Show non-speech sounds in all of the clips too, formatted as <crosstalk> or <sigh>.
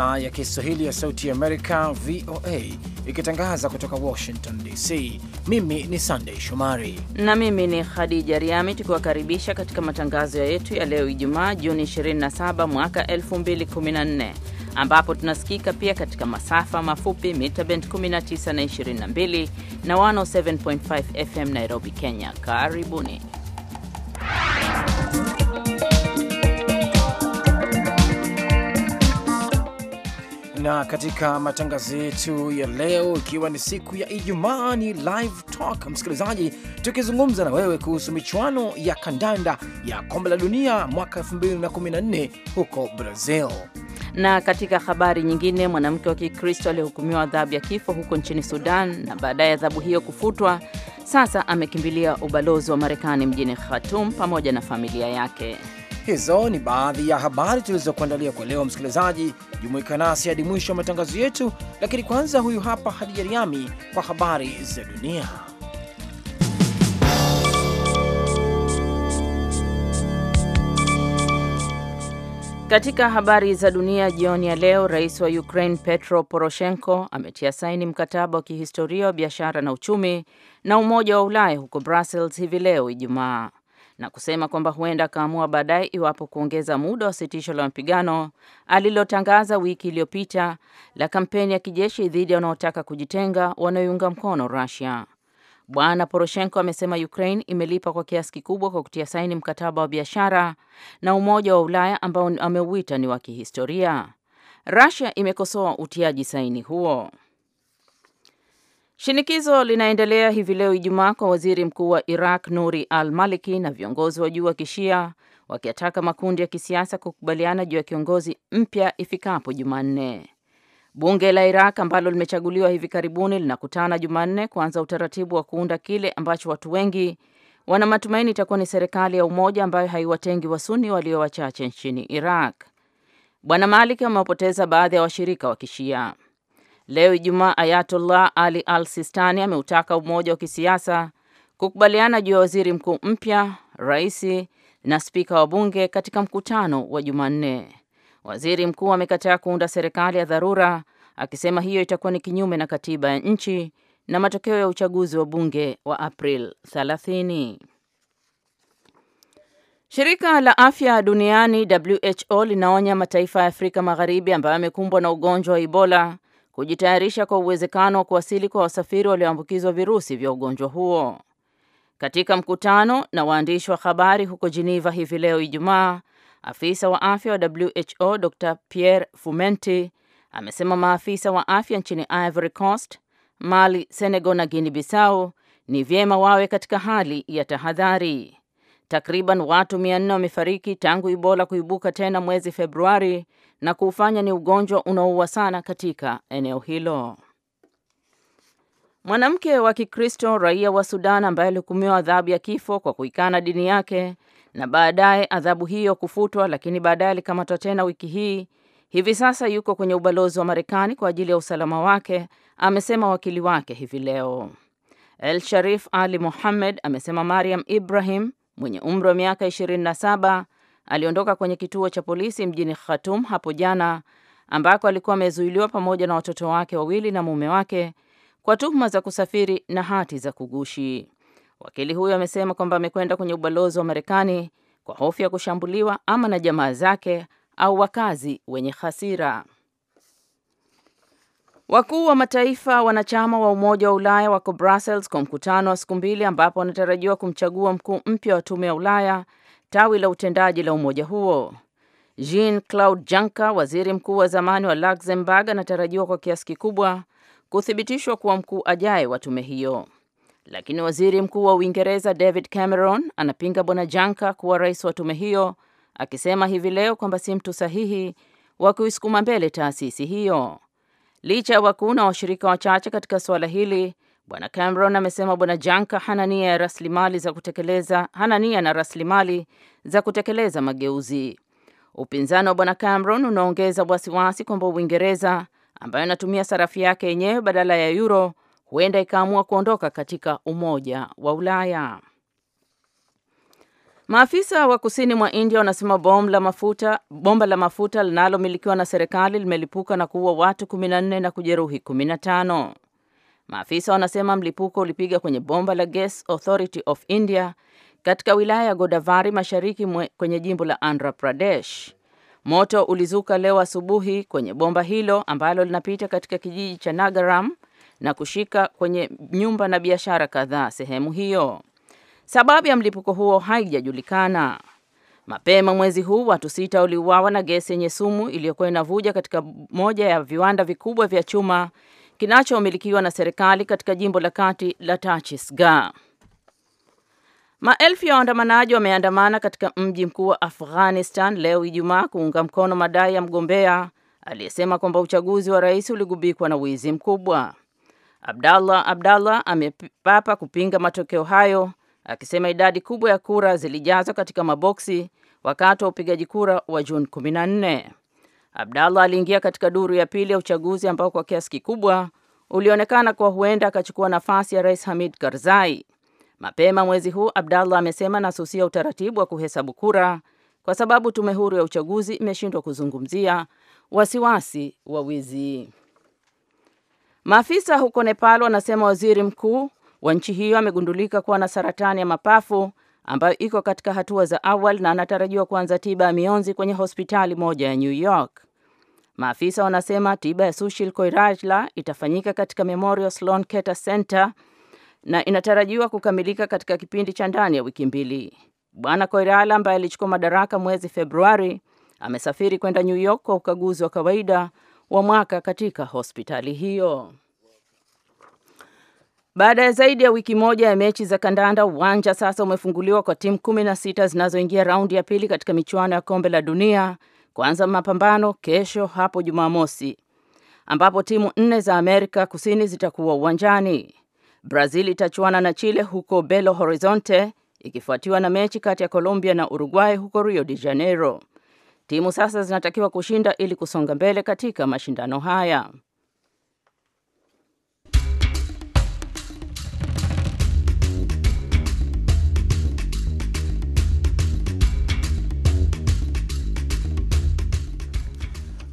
idhaa ya Kiswahili ya Sauti ya Amerika, VOA, ikitangaza kutoka Washington DC. Mimi ni Sandey Shomari na mimi ni Khadija Riami, tukiwakaribisha katika matangazo yetu ya leo Ijumaa, Juni 27 mwaka 2014 ambapo tunasikika pia katika masafa mafupi mita bend 19 na 22 na 107.5 FM Nairobi, Kenya. Karibuni. na katika matangazo yetu ya leo, ikiwa ni siku ya Ijumaa, ni live talk, msikilizaji, tukizungumza na wewe kuhusu michuano ya kandanda ya kombe la dunia mwaka 2014 huko Brazil. Na katika habari nyingine, mwanamke wa Kikristo aliyehukumiwa adhabu ya kifo huko nchini Sudan na baadaye adhabu hiyo kufutwa, sasa amekimbilia ubalozi wa Marekani mjini Khartoum pamoja na familia yake. Hizo ni baadhi ya habari tulizokuandalia kwa leo. Msikilizaji, jumuika nasi hadi mwisho wa matangazo yetu, lakini kwanza, huyu hapa Hadija Riami kwa habari za dunia. Katika habari za dunia jioni ya leo, rais wa Ukraine Petro Poroshenko ametia saini mkataba wa kihistoria wa biashara na uchumi na Umoja wa Ulaya huko Brussels hivi leo Ijumaa na kusema kwamba huenda akaamua baadaye iwapo kuongeza muda wa sitisho la mapigano alilotangaza wiki iliyopita la kampeni ya kijeshi dhidi ya wanaotaka kujitenga wanaoiunga mkono Russia. Bwana Poroshenko amesema Ukraine imelipa kwa kiasi kikubwa kwa kutia saini mkataba wa biashara na Umoja wa Ulaya ambao ameuita ni wa kihistoria. Russia imekosoa utiaji saini huo. Shinikizo linaendelea hivi leo Ijumaa kwa waziri mkuu wa Iraq Nuri al-Maliki na viongozi wa juu wa Kishia wakiataka makundi ya kisiasa kukubaliana juu ya kiongozi mpya ifikapo Jumanne. Bunge la Iraq ambalo limechaguliwa hivi karibuni linakutana Jumanne kuanza utaratibu wa kuunda kile ambacho watu wengi wana matumaini itakuwa ni serikali ya umoja ambayo haiwatengi Wasuni walio wachache nchini Iraq. Bwana Malik amewapoteza baadhi ya washirika wa Kishia. Leo Ijumaa, Ayatollah Ali Al Sistani ameutaka umoja wa kisiasa kukubaliana juu ya waziri mkuu mpya, rais na spika wa bunge katika mkutano wa Jumanne. Waziri mkuu amekataa kuunda serikali ya dharura akisema hiyo itakuwa ni kinyume na katiba ya nchi na matokeo ya uchaguzi wa bunge wa April 30. Shirika la Afya Duniani WHO linaonya mataifa ya Afrika Magharibi ambayo yamekumbwa na ugonjwa wa Ebola kujitayarisha kwa uwezekano wa kuwasili kwa wasafiri walioambukizwa virusi vya ugonjwa huo. Katika mkutano na waandishi wa habari huko Geneva hivi leo Ijumaa, afisa wa afya wa WHO Dr Pierre Fumenti amesema maafisa wa afya nchini Ivory Coast, Mali, Senegal na Guinea Bissau ni vyema wawe katika hali ya tahadhari. Takriban watu 400 wamefariki tangu Ibola kuibuka tena mwezi Februari na kuufanya ni ugonjwa unaoua sana katika eneo hilo. Mwanamke wa Kikristo raia wa Sudan ambaye alihukumiwa adhabu ya kifo kwa kuikana dini yake na baadaye adhabu hiyo kufutwa, lakini baadaye alikamatwa tena wiki hii. Hivi sasa yuko kwenye ubalozi wa Marekani kwa ajili ya usalama wake, amesema wakili wake hivi leo. El Sharif Ali muhammed amesema Mariam Ibrahim mwenye umri wa miaka 27 Aliondoka kwenye kituo cha polisi mjini Khartoum hapo jana ambako alikuwa amezuiliwa pamoja na watoto wake wawili na mume wake kwa tuhuma za kusafiri na hati za kugushi. Wakili huyo amesema kwamba amekwenda kwenye ubalozi wa Marekani kwa hofu ya kushambuliwa ama na jamaa zake au wakazi wenye hasira. Wakuu wa mataifa wanachama wa Umoja wa Ulaya wako Brussels kwa mkutano wa siku mbili ambapo wanatarajiwa kumchagua mkuu mpya wa Tume ya Ulaya tawi la utendaji la umoja huo. Jean Claude Juncker, waziri mkuu wa zamani wa Luxembourg, anatarajiwa kwa kiasi kikubwa kuthibitishwa kuwa mkuu ajaye wa tume hiyo, lakini waziri mkuu wa Uingereza David Cameron anapinga bwana Juncker kuwa rais wa tume hiyo, akisema hivi leo kwamba si mtu sahihi wa kuisukuma mbele taasisi hiyo. Licha ya wakuu na washirika wachache katika suala hili, Bwana Cameron amesema Bwana Janka hana nia ya rasilimali za kutekeleza, hana nia na rasilimali za kutekeleza mageuzi. Upinzani wa Bwana Cameron unaongeza wasiwasi kwamba Uingereza ambayo inatumia sarafu yake yenyewe badala ya euro huenda ikaamua kuondoka katika Umoja wa Ulaya. Maafisa wa kusini mwa India wanasema bomba la mafuta bomba la mafuta linalomilikiwa na serikali limelipuka na kuua watu 14 na kujeruhi Maafisa wanasema mlipuko ulipiga kwenye bomba la Gas Authority of India katika wilaya ya Godavari mashariki mwe, kwenye jimbo la Andhra Pradesh. Moto ulizuka leo asubuhi kwenye bomba hilo ambalo linapita katika kijiji cha Nagaram na kushika kwenye nyumba na biashara kadhaa sehemu hiyo. Sababu ya mlipuko huo haijajulikana. Mapema mwezi huu watu sita waliuawa na gesi yenye sumu iliyokuwa inavuja katika moja ya viwanda vikubwa vya chuma kinachomilikiwa na serikali katika jimbo la kati la Tachisga. Maelfu ya waandamanaji wameandamana katika mji mkuu wa Afghanistan leo Ijumaa kuunga mkono madai ya mgombea aliyesema kwamba uchaguzi wa rais uligubikwa na wizi mkubwa. Abdallah Abdallah amepapa kupinga matokeo hayo akisema idadi kubwa ya kura zilijazwa katika maboksi wakati wa upigaji kura wa Juni 14. Abdallah aliingia katika duru ya pili ya uchaguzi ambao kwa kiasi kikubwa ulionekana kuwa huenda akachukua nafasi ya Rais Hamid Karzai. Mapema mwezi huu, Abdallah amesema anasusia utaratibu wa kuhesabu kura kwa sababu tume huru ya uchaguzi imeshindwa kuzungumzia wasiwasi wa wizi. Maafisa huko Nepal wanasema waziri mkuu wa nchi hiyo amegundulika kuwa na saratani ya mapafu ambayo iko katika hatua za awali na anatarajiwa kuanza tiba ya mionzi kwenye hospitali moja ya New York. Maafisa wanasema tiba ya Sushil Koirala itafanyika katika Memorial Sloan Kettering Center na inatarajiwa kukamilika katika kipindi cha ndani ya wiki mbili. Bwana Koirala ambaye alichukua madaraka mwezi Februari amesafiri kwenda New York kwa ukaguzi wa kawaida wa mwaka katika hospitali hiyo. Baada ya zaidi ya wiki moja ya mechi za kandanda, uwanja sasa umefunguliwa kwa timu 16 zinazoingia raundi ya pili katika michuano ya kombe la dunia kuanza mapambano kesho hapo Jumamosi, ambapo timu nne za Amerika Kusini zitakuwa uwanjani. Brazil itachuana na Chile huko Belo Horizonte, ikifuatiwa na mechi kati ya Colombia na Uruguay huko Rio de Janeiro. Timu sasa zinatakiwa kushinda ili kusonga mbele katika mashindano haya.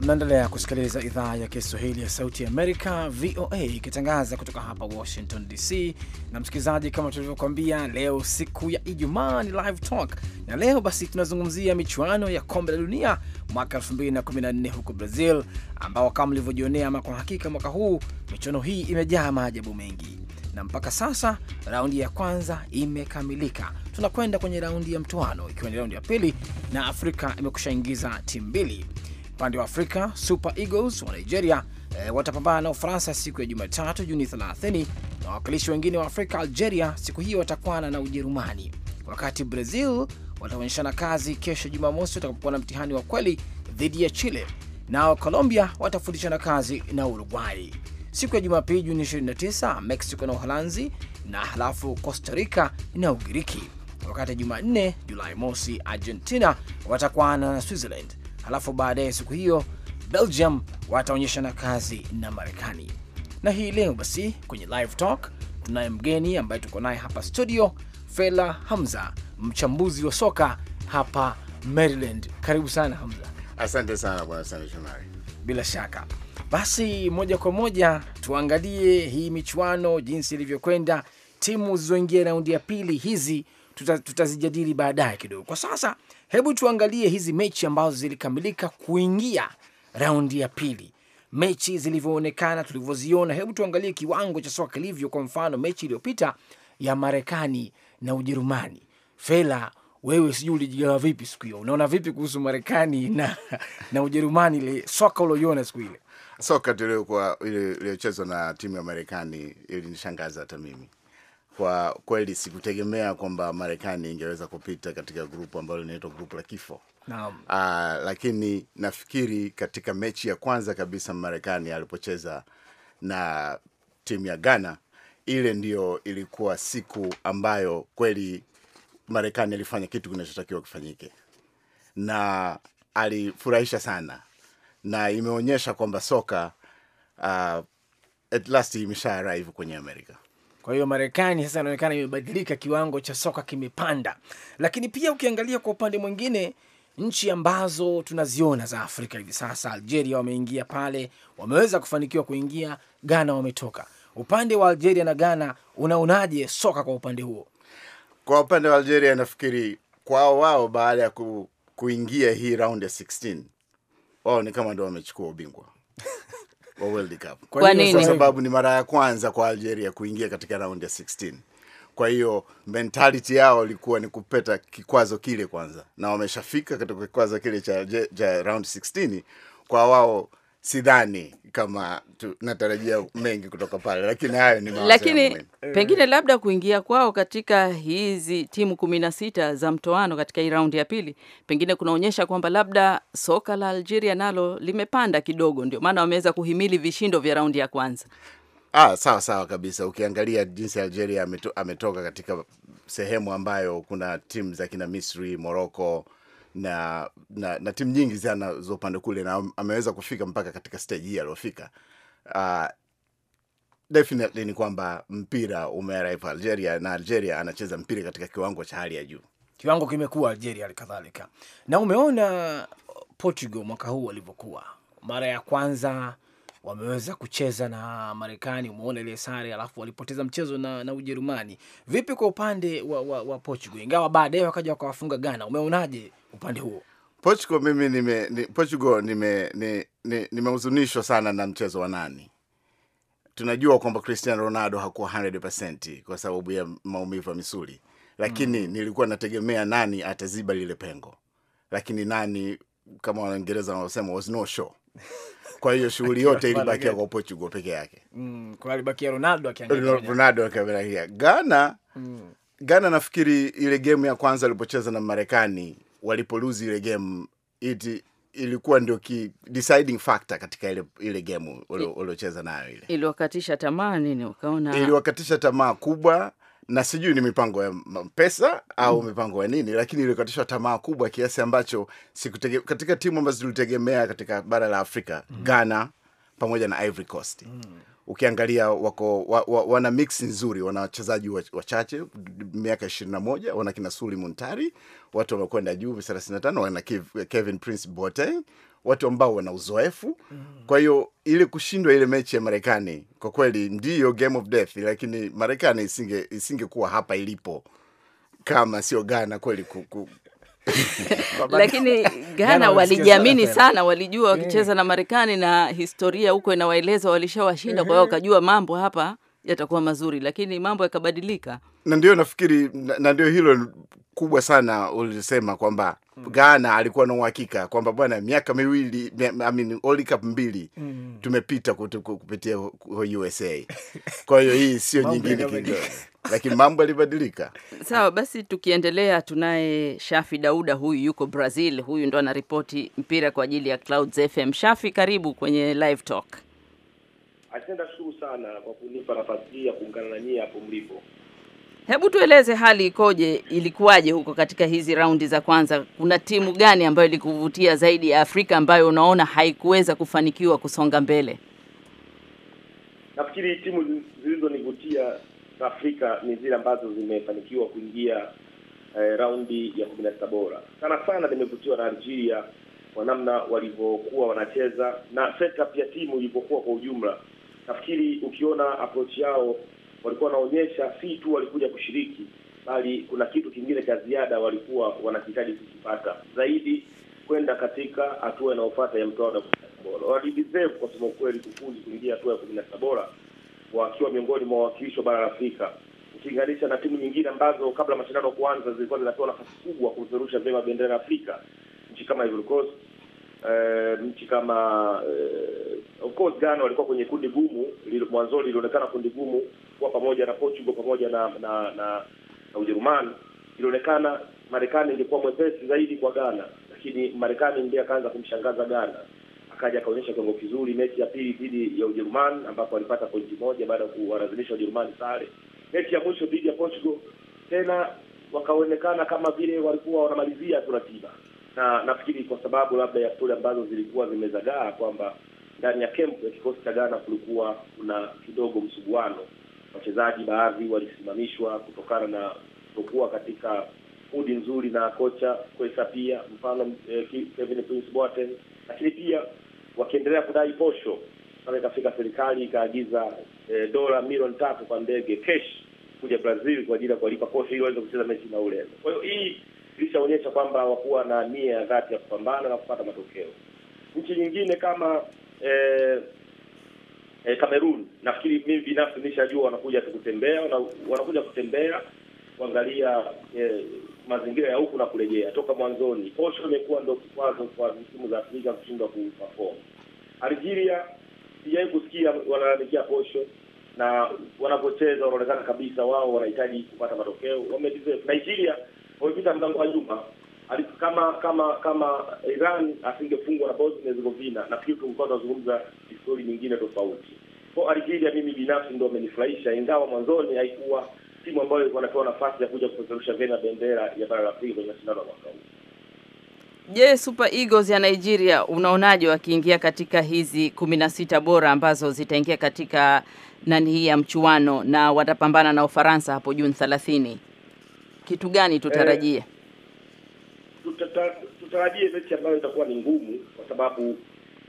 naendelea kusikiliza idhaa ya Kiswahili ya Sauti Amerika, VOA, ikitangaza kutoka hapa Washington DC. Na msikilizaji, kama tulivyokuambia, leo siku ya Ijumaa ni Live Talk, na leo basi tunazungumzia michuano ya kombe la dunia mwaka 2014 huko Brazil, ambao kama mlivyojionea, ama kwa hakika mwaka huu michuano hii imejaa maajabu mengi, na mpaka sasa raundi ya kwanza imekamilika. Tunakwenda kwenye raundi ya mtoano, ikiwa ni raundi ya pili, na Afrika imekushaingiza timu mbili Upande wa Afrika, Super Eagles wa Nigeria e, watapambana na Ufaransa siku ya Jumatatu Juni 30, na wawakilishi wengine wa Afrika, Algeria, siku hiyo watakwana na Ujerumani, wakati Brazil wataonyeshana kazi kesho Jumamosi watakapokuwa na mtihani wa kweli dhidi ya Chile, nao Colombia watafundishana kazi na Uruguay. Siku ya Jumapili Juni 29, Mexico na Uholanzi, na halafu Costa Rica na Ugiriki, wakati Jumanne Julai mosi Argentina watakwana na Switzerland halafu baadaye siku hiyo Belgium wataonyeshana kazi na Marekani. Na hii leo basi kwenye live talk tunaye mgeni ambaye tuko naye hapa studio, Fela Hamza, mchambuzi wa soka hapa Maryland. Karibu sana Hamza. Asante sana bwana Sande Shomari. Bila shaka basi, moja kwa moja tuangalie hii michuano jinsi ilivyokwenda, timu zilizoingia raundi ya pili hizi tutazijadili tuta baadaye kidogo. Kwa sasa Hebu tuangalie hizi mechi ambazo zilikamilika kuingia raundi ya pili, mechi zilivyoonekana, tulivyoziona. Hebu tuangalie kiwango cha soka kilivyo. Kwa mfano, mechi iliyopita ya Marekani na Ujerumani, Fela wewe sijui ulijigawa vipi siku hiyo, unaona vipi kuhusu Marekani na, na Ujerumani? Ile soka ulioiona siku ile, soka tuliokuwa iliyochezwa na timu ya Marekani ilinishangaza hata mimi kwa kweli sikutegemea kwamba Marekani ingeweza kupita katika grupu ambalo linaitwa grupu la kifo. Naam. Uh, lakini nafikiri katika mechi ya kwanza kabisa Marekani alipocheza na timu ya Ghana, ile ndio ilikuwa siku ambayo kweli Marekani alifanya kitu kinachotakiwa kifanyike na alifurahisha sana, na imeonyesha kwamba soka uh, at last imesha arrive kwenye Amerika. Kwa hiyo Marekani sasa inaonekana imebadilika, kiwango cha soka kimepanda. Lakini pia ukiangalia kwa upande mwingine nchi ambazo tunaziona za Afrika hivi sasa, Algeria wameingia pale, wameweza kufanikiwa kuingia. Ghana wametoka. Upande wa Algeria na Ghana, unaonaje soka kwa upande huo? Kwa upande wa Algeria, nafikiri kwao wao, baada ya ku, kuingia hii round ya 16 wao ni kama ndo wamechukua ubingwa <laughs> wa World Cup. Kwa nini? sababu ni mara ya kwanza kwa Algeria kuingia katika raundi ya 16. Kwa hiyo mentality yao ilikuwa ni kupeta kikwazo kile kwanza, na wameshafika katika kikwazo kile cha, cha round 16 kwa wao sidhani kama tu, natarajia mengi kutoka pale, lakini hayo ni lakini pengine eh. labda kuingia kwao katika hizi timu kumi na sita za mtoano katika hii raundi ya pili pengine kunaonyesha kwamba labda soka la Algeria nalo limepanda kidogo, ndio maana wameweza kuhimili vishindo vya raundi ya kwanza. Ah, sawa sawa kabisa. Ukiangalia jinsi Algeria ameto, ametoka katika sehemu ambayo kuna timu za kina Misri, Morocco na na, na timu nyingi sana za upande kule, na ameweza kufika mpaka katika stage hii aliofika. Uh, definitely ni kwamba mpira umearrive Algeria, na Algeria anacheza mpira katika kiwango cha hali ya juu. Kiwango kimekuwa Algeria alikadhalika, na umeona Portugal mwaka huu walivyokuwa, mara ya kwanza wameweza kucheza na Marekani, umeona ile sare, alafu walipoteza mchezo na, na Ujerumani. Vipi kwa upande wa, wa, wa Portugal, ingawa baadaye wakaja wakawafunga Ghana? Umeonaje upande huo. Portugal mimi nime ni, Portugal nime nimehuzunishwa ni, ni sana na mchezo wa nani. Tunajua kwamba Cristiano Ronaldo hakuwa 100% kwa sababu ya maumivu ya misuli, lakini mm, nilikuwa nategemea nani ataziba lile pengo, lakini nani kama Waingereza wanaosema was no show kwa hiyo shughuli <laughs> yote ilibakia kwa Portugal peke yake. Mm, kwa alibakia Ronaldo akiangalia. Ronaldo akiangalia. Ghana. Mm. Ghana nafikiri ile game ya kwanza alipocheza na Marekani walipoluzi ile game it ilikuwa ndio ki deciding factor katika ile ile game waliocheza nayo ile. Iliwakatisha tamaa nini? Ukaona iliwakatisha tamaa kubwa na sijui ni mipango ya pesa au mm. mipango ya nini, lakini ilikatishwa tamaa kubwa kiasi ambacho sikutege, katika timu ambazo tulitegemea katika bara la Afrika mm, Ghana pamoja na Ivory Coast mm ukiangalia wako wa, wa, wana mix nzuri, wana wachezaji wachache wa miaka ishirini na moja, wana kina Suli Muntari, watu wamekwenda juu 35, wana Kevin Prince bote watu ambao wana uzoefu mm. Kwa hiyo ili kushindwa ile mechi ya Marekani kwa kweli ndiyo game of death, lakini Marekani isingekuwa isinge hapa ilipo kama sio gana kweli <laughs> lakini <laughs> Ghana walijiamini sana, walijua eh. wakicheza na Marekani na historia huko inawaeleza walishawashinda, kwa hiyo eh. wakajua mambo hapa yatakuwa mazuri, lakini mambo yakabadilika, na ndio nafikiri, na ndio hilo kubwa sana ulisema kwamba mm. Ghana alikuwa na uhakika kwamba bwana, miaka miwili mi, I mean, mbili mm. tumepita kupitia USA kwa hiyo hii sio nyingine kidogo lakini mambo yalibadilika. Sawa basi, tukiendelea tunaye Shafi Dauda, huyu yuko Brazil, huyu ndo anaripoti mpira kwa ajili ya Clouds FM. Shafi, karibu kwenye live talk. Asante, nashukuru sana kwa kunipa nafasi hii ya kuungana na nyie hapo mlipo. Hebu tueleze hali ikoje, ilikuwaje huko katika hizi raundi za kwanza? Kuna timu gani ambayo ilikuvutia zaidi ya Afrika ambayo unaona haikuweza kufanikiwa kusonga mbele? Nafikiri timu zilizonivutia za Afrika ni zile ambazo zimefanikiwa kuingia eh, raundi ya kumi na sita bora. Sana sana nimevutiwa na Algeria kwa namna walivyokuwa wanacheza na setup ya timu ilivyokuwa kwa ujumla. Nafikiri ukiona approach yao walikuwa wanaonyesha si tu walikuja kushiriki, bali kuna kitu kingine cha ziada walikuwa wanakihitaji kukipata zaidi kwenda katika hatua inayofata ya mtoano wa bora. Walideserve kwa sema ukweli kufuzi kuingia hatua ya kumi na sita bora wakiwa miongoni mwa wawakilishi wa bara la Afrika ukilinganisha na timu nyingine ambazo kabla mashindano kuanza zilikuwa zinapewa nafasi kubwa kuzerusha vyema bendera ya Afrika. Nchi kama Ivory Coast uh, kama uh, of course Ghana walikuwa kwenye kundi gumu mwanzoni, lilionekana kundi gumu kuwa pamoja na Portugal pamoja na na, na, na Ujerumani. Ilionekana Marekani ingekuwa mwepesi zaidi kwa Ghana, lakini Marekani ndiye akaanza kumshangaza Ghana, akaja akaonyesha kiwango kizuri mechi ya pili dhidi ya Ujerumani ambapo alipata pointi moja baada ya kuwalazimisha Ujerumani sare. Mechi ya mwisho dhidi ya Portugal tena wakaonekana kama vile walikuwa wanamalizia tu ratiba na nafikiri kwa sababu labda ya stori ambazo zilikuwa zimezagaa kwamba ndani ya kempu ya kikosi cha Ghana kulikuwa kuna kidogo msuguano, wachezaji baadhi walisimamishwa kutokana na kutokuwa katika udi nzuri na kocha Kwesa, pia mfano eh, Kevin Prince Boateng, lakini pia wakiendelea kudai posho pale, ikafika serikali ikaagiza eh, dola milioni tatu kwa ndege cash kuja Brazil kwa ajili ya kuwalipa posho ili waweze kucheza mechi na Ureno. Kwa hiyo hii ilishaonyesha kwamba hawakuwa na nia ya dhati ya kupambana na kupata matokeo. Nchi nyingine kama eh, eh, Kamerun, nafikiri mimi binafsi nishajua wanakuja kutembea, wanakuja kutembea kuangalia eh, mazingira ya huku na kurejea. Toka mwanzoni posho imekuwa ndio kikwazo kwa timu za Afrika kushindwa kuperform. Algeria sijawahi kusikia wanalalamikia posho na wanapocheza wanaonekana kabisa wao wanahitaji kupata matokeo, wamedeserve. Nigeria Vojvoda mlango wa nyuma kama kama kama Iran asingefungwa na Bosnia Herzegovina, nafikiri tulikuwa tunazungumza historia nyingine tofauti. Kwa Algeria, mimi binafsi ndio amenifurahisha, ingawa mwanzoni haikuwa timu ambayo ilikuwa napewa nafasi ya kuja kupeperusha vena bendera ya bara la Afrika kwenye mashindano ya mwaka huu. Je, Super Eagles ya Nigeria unaonaje wakiingia katika hizi kumi na sita bora ambazo zitaingia katika nani hii ya mchuano na watapambana na Ufaransa hapo Juni thelathini? kitu gani tutarajie? Eh, tutarajie mechi ambayo itakuwa ni ngumu kwa sababu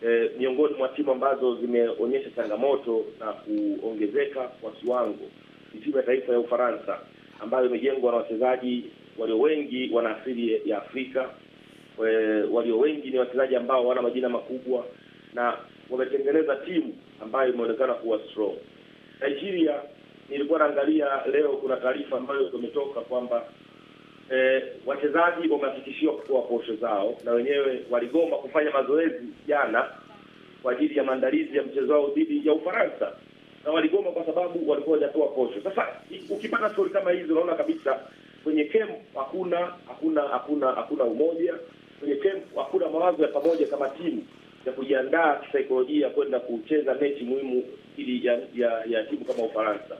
eh, miongoni mwa timu ambazo zimeonyesha changamoto na kuongezeka kwa kiwango ni timu ya taifa ya Ufaransa ambayo imejengwa na wachezaji walio wengi wana asili ya Afrika. Eh, walio wengi ni wachezaji ambao wana majina makubwa na wametengeneza timu ambayo imeonekana kuwa strong. Nigeria nilikuwa naangalia leo, kuna taarifa ambayo zimetoka kwamba E, wachezaji wamehakikishiwa kutoa posho zao, na wenyewe waligoma kufanya mazoezi jana kwa ajili ya maandalizi ya mchezo wao dhidi ya Ufaransa, na waligoma kwa sababu walikuwa hawajatoa posho. Sasa ukipata stori kama hizi, unaona kabisa kwenye kempu hakuna hakuna hakuna hakuna umoja kwenye kempu, hakuna mawazo ya pamoja kama timu ya kujiandaa kisaikolojia kwenda kucheza mechi muhimu ili ya, ya, ya timu kama Ufaransa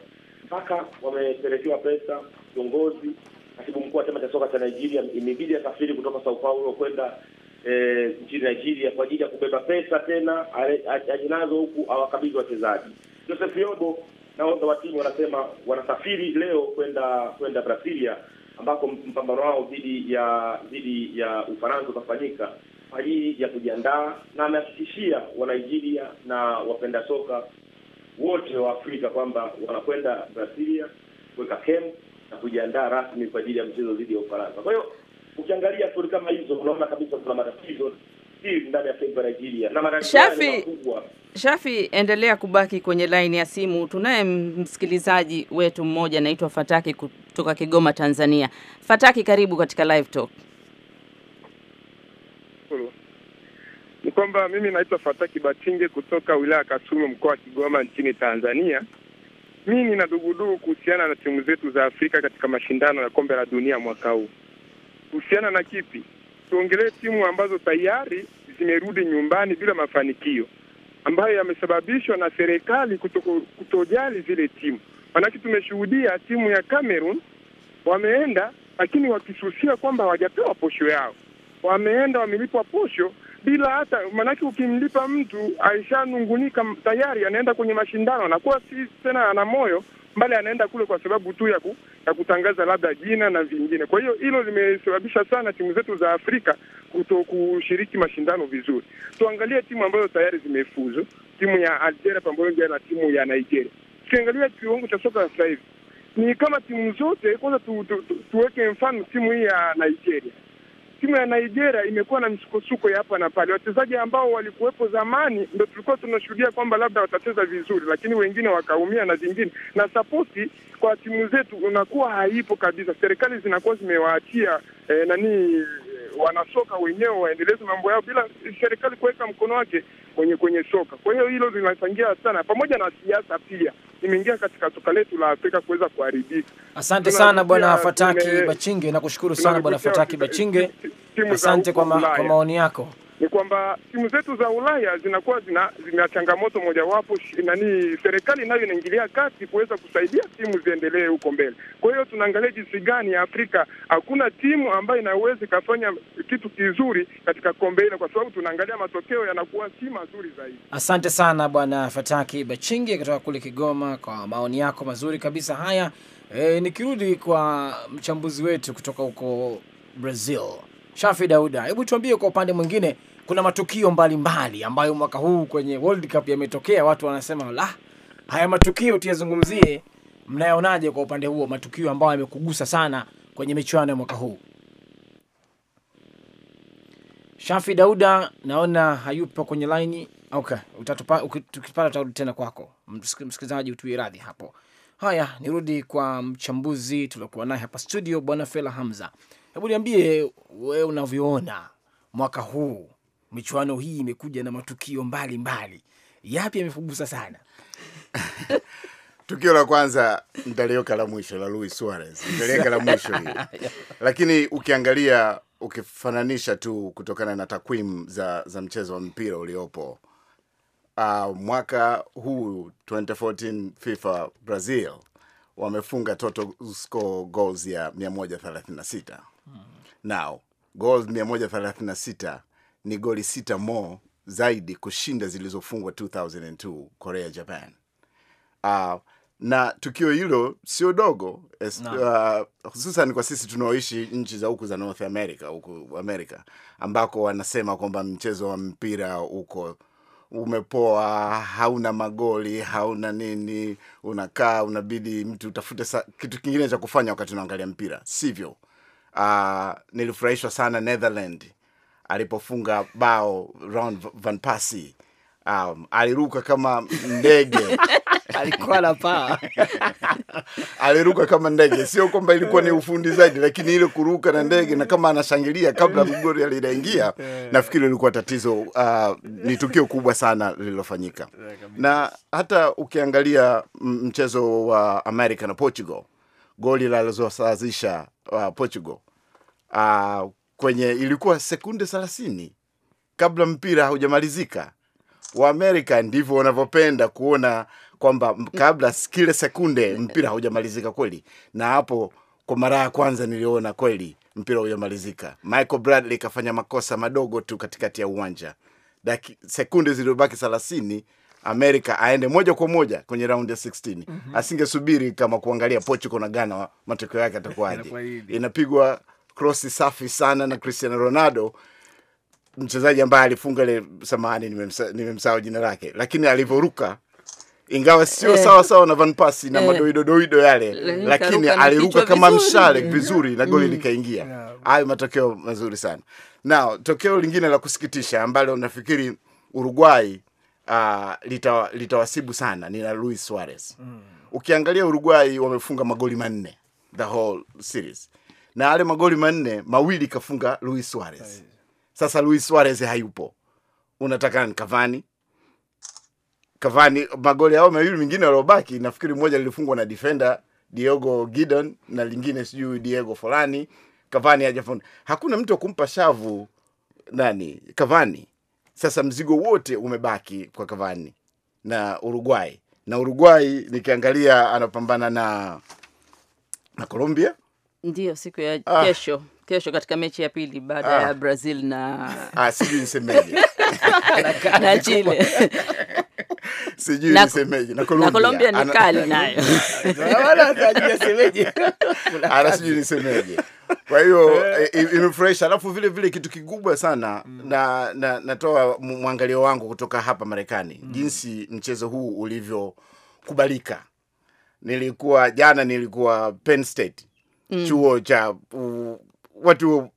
mpaka wamepelekewa pesa. Kiongozi katibu mkuu wa chama cha soka cha Nigeria imebidi asafiri kutoka Sao Paulo kwenda e, nchini Nigeria kwa ajili ya kubeba pesa tena aje nazo huku awakabidhi wachezaji. Joseph Yobo nahodha wa timu wanasema wanasafiri leo kwenda kwenda Brasilia ambako mpambano wao dhidi ya dhidi ya Ufaransa utafanyika kwa ajili ya kujiandaa, na amehakikishia Nigeria na wapenda soka wote wa Afrika kwamba wanakwenda Brasilia kuweka kemu na kujiandaa rasmi kwa ajili ya mchezo dhidi ya Ufaransa. Kwa hiyo ukiangalia stori kama hizo, unaona kabisa kuna matatizo ndani ya na matatizo makubwa. Shafi, endelea kubaki kwenye laini ya simu. Tunaye msikilizaji wetu mmoja anaitwa Fataki kutoka Kigoma, Tanzania. Fataki, karibu katika live talk. ni kwamba mimi naitwa Fataki Batinge kutoka wilaya Kasulu, mkoa wa Kigoma nchini Tanzania. Mimi nina dugudugu kuhusiana na timu zetu za Afrika katika mashindano ya kombe la dunia mwaka huu. Kuhusiana na kipi? Tuongelee timu ambazo tayari zimerudi nyumbani bila mafanikio ambayo yamesababishwa na serikali kutojali zile timu. Maanake tumeshuhudia timu ya Cameroon wameenda, lakini wakisusia kwamba hawajapewa posho yao. Wameenda wamelipwa posho, bila hata maanake, ukimlipa mtu aishanungunika tayari, anaenda kwenye mashindano, anakuwa si tena ana moyo mbali, anaenda kule kwa sababu tu ya, ku, ya kutangaza labda jina na vingine. Kwa hiyo hilo limesababisha sana timu zetu za Afrika kuto kushiriki mashindano vizuri. Tuangalie timu ambazo tayari zimefuzu, timu ya Algeria pamoja na timu ya Nigeria. Tukiangalia kiwango cha soka sasa hivi ni kama timu zote, kwanza tu, tu, tu, tuweke mfano timu hii ya Nigeria timu ya Nigeria imekuwa na msukosuko ya hapa na pale. Wachezaji ambao walikuwepo zamani ndo tulikuwa tunashuhudia kwamba labda watacheza vizuri, lakini wengine wakaumia na zingine, na sapoti kwa timu zetu unakuwa haipo kabisa. Serikali zinakuwa zimewaachia eh, nani wanasoka wenyewe waendeleze mambo yao bila serikali kuweka mkono wake kwenye kwenye soka. Kwa hiyo hilo linachangia sana, pamoja na siasa pia imeingia katika soka letu la Afrika kuweza kuharibika. Asante sana Bwana Fataki Bachinge, nakushukuru sana Bwana Fataki Bachinge, asante kwa maoni yako ni kwamba timu zetu za Ulaya zinakuwa zina, zina changamoto mojawapo nani, serikali nayo inaingilia kati kuweza kusaidia timu ziendelee huko mbele. Kwa hiyo tunaangalia jinsi gani ya Afrika, hakuna timu ambayo inaweza ikafanya kitu kizuri katika kombe hilo, kwa sababu tunaangalia matokeo yanakuwa si mazuri zaidi. Asante sana Bwana Fataki Bachingi kutoka kule Kigoma kwa maoni yako mazuri kabisa. Haya, e, nikirudi kwa mchambuzi wetu kutoka huko Brazil Shafi Dauda, hebu tuambie kwa upande mwingine, kuna matukio mbalimbali mbali ambayo mwaka huu kwenye World Cup yametokea. Watu wanasema la, haya matukio tuyazungumzie. Mnayaonaje kwa upande huo, matukio ambayo yamekugusa sana kwenye michuano ya mwaka huu? Shafi Dauda naona hayupo kwenye laini. Okay, utatupa, tukipata utarudi tena kwako. Msikilizaji, utuiradhi radhi hapo. Haya, nirudi kwa mchambuzi tuliokuwa naye hapa studio, bwana Fela Hamza. Hebu niambie wewe unavyoona mwaka huu michuano hii imekuja na matukio mbalimbali, yapi yamefubusa sana? <laughs> Tukio la kwanza ndalioka la mwisho la Luis Suarez ndalioka la mwisho hii <laughs> lakini ukiangalia ukifananisha tu kutokana na takwimu za, za mchezo wa mpira uliopo uh, mwaka huu 2014 FIFA Brazil wamefunga total score goals ya 136. Hmm. Now goals 136 ni goli sita more zaidi kushinda zilizofungwa 2002 Korea Japan. Uh, na tukio hilo sio dogo ah, hususan uh, kwa sisi tunaoishi nchi za huku za North America, huku America ambako wanasema kwamba mchezo wa mpira uko umepoa, hauna magoli, hauna nini, unakaa unabidi mtu utafute sa, kitu kingine cha kufanya wakati unaangalia mpira, sivyo? Uh, nilifurahishwa sana Netherland alipofunga bao Ron van um, aliruka kama ndege <laughs> alikuwa na paa <laughs> aliruka kama ndege. Sio kwamba ilikuwa ni ufundi zaidi, lakini ile kuruka na ndege na kama anashangilia kabla mgori aliingia, <laughs> eh. nafikiri ilikuwa tatizo. Uh, ni tukio kubwa sana lililofanyika, na hata ukiangalia mchezo wa America na Portugal, goli lalizosawazisha uh, Portugal uh, kwenye ilikuwa sekunde thelathini kabla mpira haujamalizika Waamerika ndivyo wanavyopenda kuona kwamba mm. kabla kile sekunde mpira haujamalizika kweli, na hapo kwa mara ya kwanza niliona kweli mpira haujamalizika. Michael Bradley kafanya makosa madogo tu katikati ya uwanja, daki, sekunde zilizobaki thelathini Amerika aende moja kwa moja kwenye raundi ya 16. Mm -hmm. Asingesubiri kama kuangalia Portugal na gana matokeo yake atakuwaje. Inapigwa krosi safi sana na Cristiano Ronaldo mchezaji ambaye alifunga ile samani, nimemsahau nimemsa jina lake, lakini alivyoruka ingawa sio eh, sawa sawa na Van Persie na eh, madoidodoido yale le, lakini aliruka kama vizuri, mshale mm. vizuri na goli mm, likaingia hayo yeah. Matokeo mazuri sana na tokeo lingine la kusikitisha ambalo nafikiri Uruguay uh, litawasibu lita sana ni la Luis Suarez mm. Ukiangalia Uruguay wamefunga magoli manne the whole series na yale magoli manne mawili kafunga Luis Suarez Ay. Sasa Luis Suarez hayupo, unataka ni Cavani. Cavani, magoli yao mawili mingine waliobaki, nafikiri mmoja lilifungwa na defender Diego Gidon na lingine sijui Diego fulani Cavani hajafunga, hakuna mtu wa kumpa shavu nani Cavani. Sasa mzigo wote umebaki kwa Cavani na Uruguay, na Uruguay nikiangalia anapambana na na Colombia Ndiyo, siku ya ah, kesho kesho katika mechi ya pili baada ah, ya Brazil na ah, sijui nisemeje na, <laughs> na Chile <laughs> sijui nisemeje na Colombia, na Colombia ni kali nayo <laughs> ana sijui nisemeje kwa hiyo eh. imefurahisha. Alafu vile vile kitu kikubwa sana mm. na, na natoa mwangalio wangu kutoka hapa Marekani mm. jinsi mchezo huu ulivyokubalika. Nilikuwa jana, nilikuwa Penn State mm. chuo cha u, watu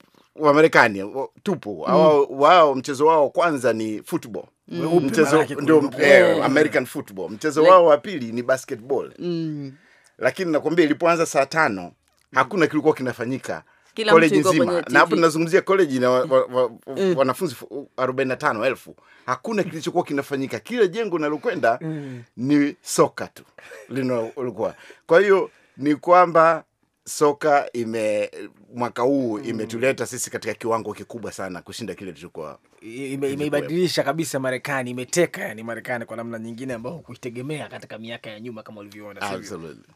marekani tupu mm. wao, wao mchezo wao kwanza ni football mm. mchezo ndio eh, American football mchezo wao wa pili ni basketball mm. Lakini nakwambia ilipoanza saa tano mm. hakuna kilikuwa kinafanyika kila college nzima, na hapo tunazungumzia college na wa, wa, wa, mm. mm. wanafunzi 45,000 hakuna kilichokuwa kinafanyika. Kile jengo nalokwenda mm. ni soka tu linalokuwa. Kwa hiyo ni kwamba soka ime mwaka huu mm, imetuleta sisi katika kiwango kikubwa sana kushinda kile tulichokuwa. Imeibadilisha kabisa Marekani, imeteka yani Marekani kwa namna nyingine ambayo hukuitegemea katika miaka ya nyuma, kama ulivyoona.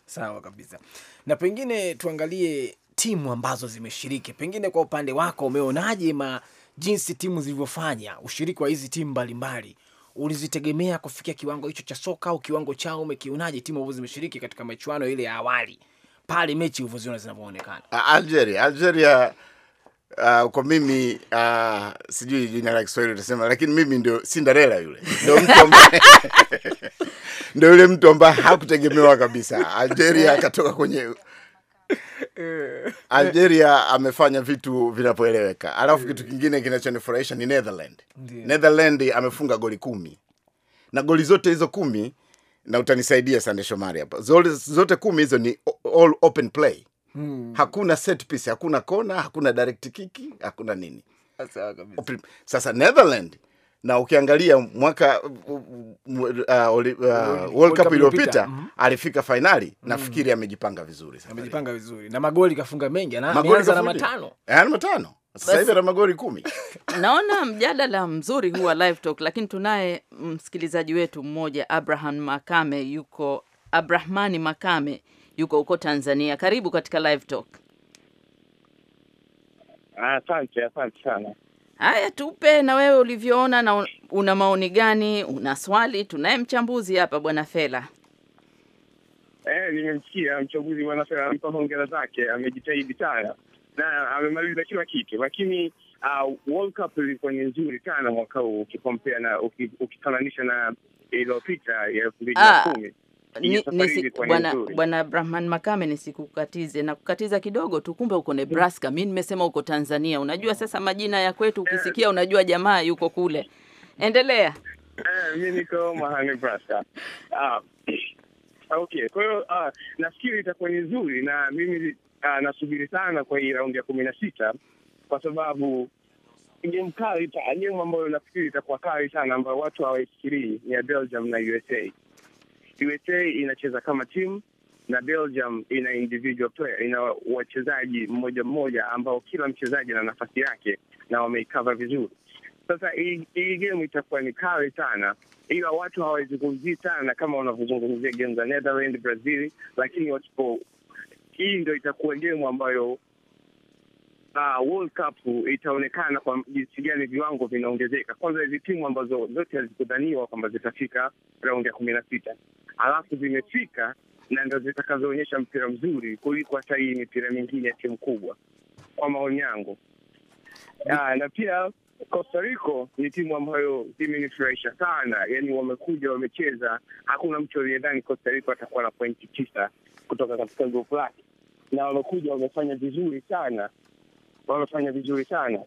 sawa kabisa. Na pengine tuangalie timu ambazo zimeshiriki, pengine kwa upande wako umeonaje ma jinsi timu zilivyofanya, ushiriki wa hizi timu mbalimbali ulizitegemea kufikia kiwango hicho cha soka au kiwango chao umekionaje timu ambazo zimeshiriki katika michuano ile ya awali? pale mechi ulivyoziona zinavyoonekana. Algeria, Algeria Uh, kwa mimi uh, sijui jina la Kiswahili utasema, lakini mimi ndio Cinderella yule, ndio mtu ambaye <laughs> ndio yule mtu ambaye hakutegemewa kabisa. Algeria akatoka kwenye <laughs> Algeria amefanya vitu vinapoeleweka. Alafu kitu mm. kingine kinachonifurahisha ni Netherland. Netherland amefunga goli kumi na goli zote hizo kumi na utanisaidia Sande Shomari hapa, zote, zote kumi hizo ni all open play hmm. Hakuna set piece, hakuna kona, hakuna direct kiki, hakuna nini. Open, sasa Netherland na ukiangalia mwaka uh, uh, uh, World Cup iliyopita mm -hmm. alifika fainali mm -hmm. nafikiri amejipanga vizuri, amejipanga vizuri na magoli kafunga mengi, anaanza na matano, ana matano sasa hivi ana magori kumi. <laughs> Naona mjadala mzuri huu wa live talk, lakini tunaye msikilizaji wetu mmoja Abraham Makame yuko Abrahmani Makame yuko huko Tanzania. Karibu katika live talk. Asante, asante sana. Haya, tupe na wewe ulivyoona, na una maoni gani? Una swali? Tunaye mchambuzi hapa bwana Fela. Eh, nimemsikia mchambuzi bwana Fela, ampa hongera zake, amejitahidi sana na amemaliza kila kitu, lakini uh, World Cup ilikuwa ni nzuri sana mwaka huu ukikompea na ukifananisha na iliyopita ya elfu mbili na ah, kumi. Bwana Brahman Makame, nisikukatize na kukatiza kidogo tu, kumbe uko Nebraska, mi nimesema uko Tanzania. Unajua sasa majina ya kwetu ukisikia unajua jamaa yuko kule. Endelea. Eh, mi niko Nebraska. Ah, okay, kwa hiyo ah, nafikiri itakuwa ni nzuri na mimi anasubiri ah, sana kwa hii raundi ya kumi na sita kwa sababu gemu kali, gemu ambayo nafikiri itakuwa kali sana, ambayo watu hawaifikirii ni ya Belgium na USA. USA inacheza kama tim na Belgium ina individual player, ina wachezaji mmoja mmoja ambao kila mchezaji ana nafasi yake na wameikava vizuri. Sasa hii gemu itakuwa ni kali sana, ila watu hawaizungumzii sana kama wanavyozungumzia gemu za Netherland, Brazil, lakini hii ndo itakuwa gemu ambayo uh, World Cup itaonekana kwa jinsi gani viwango vinaongezeka. Kwanza hizi timu ambazo zote hazikudhaniwa kwamba zitafika raundi ya kumi na sita alafu zimefika na ndo zitakazoonyesha mpira mzuri kuliko hata hii mipira mingine ya timu kubwa, kwa maoni yangu. Uh, na pia Costa Rico ni timu ambayo imenifurahisha sana, yaani wamekuja wamecheza, hakuna mtu aliyedhani Costa Rico atakuwa na pointi tisa kutoka katika group lake, na wamekuja wamefanya vizuri sana, wamefanya vizuri sana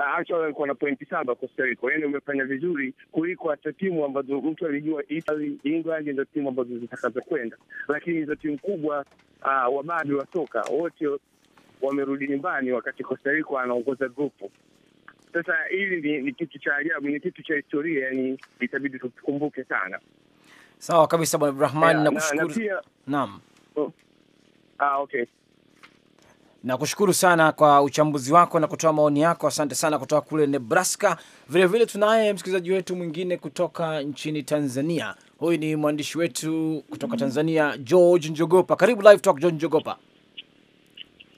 actually ah, walikuwa na pointi saba Costa Rico, yani umefanya vizuri kuliko hata timu ambazo mtu alijua Italy, England ndio timu ambazo zitakazokwenda, lakini hizo timu kubwa uh, ah, wababi wa soka wote wamerudi nyumbani, wakati Costa Rico anaongoza grupu. Sasa hili ni ni kitu cha ajabu, ni kitu cha historia, yani itabidi tukumbuke sana. Sawa kabisa, Bwana Abdurahman, nakushukuru. na, na oh. ah, okay. Nakushukuru sana kwa uchambuzi wako na kutoa maoni yako, asante sana kutoka kule Nebraska. Vilevile tunaye msikilizaji wetu mwingine kutoka nchini Tanzania. Huyu ni mwandishi wetu kutoka Tanzania, George Njogopa. Karibu Live Talk, George Njogopa.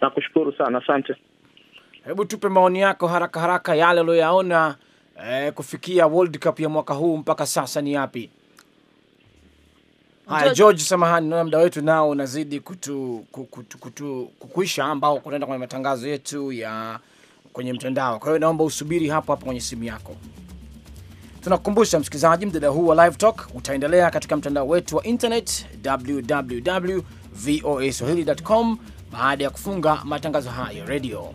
Nakushukuru sana, asante hebu tupe maoni yako haraka haraka, yale ulioyaona eh, kufikia World Cup ya mwaka huu mpaka sasa ni yapi? Haya, George, samahani, naona muda wetu nao unazidi kutu, kutu, kutu, kukuisha, ambao kunaenda kwenye matangazo yetu ya kwenye mtandao. Kwa hiyo naomba usubiri hapo hapo kwenye simu yako. Tunakukumbusha msikilizaji, mdada huu wa Live Talk utaendelea katika mtandao wetu wa internet www swahili.com baada ya kufunga matangazo hayo redio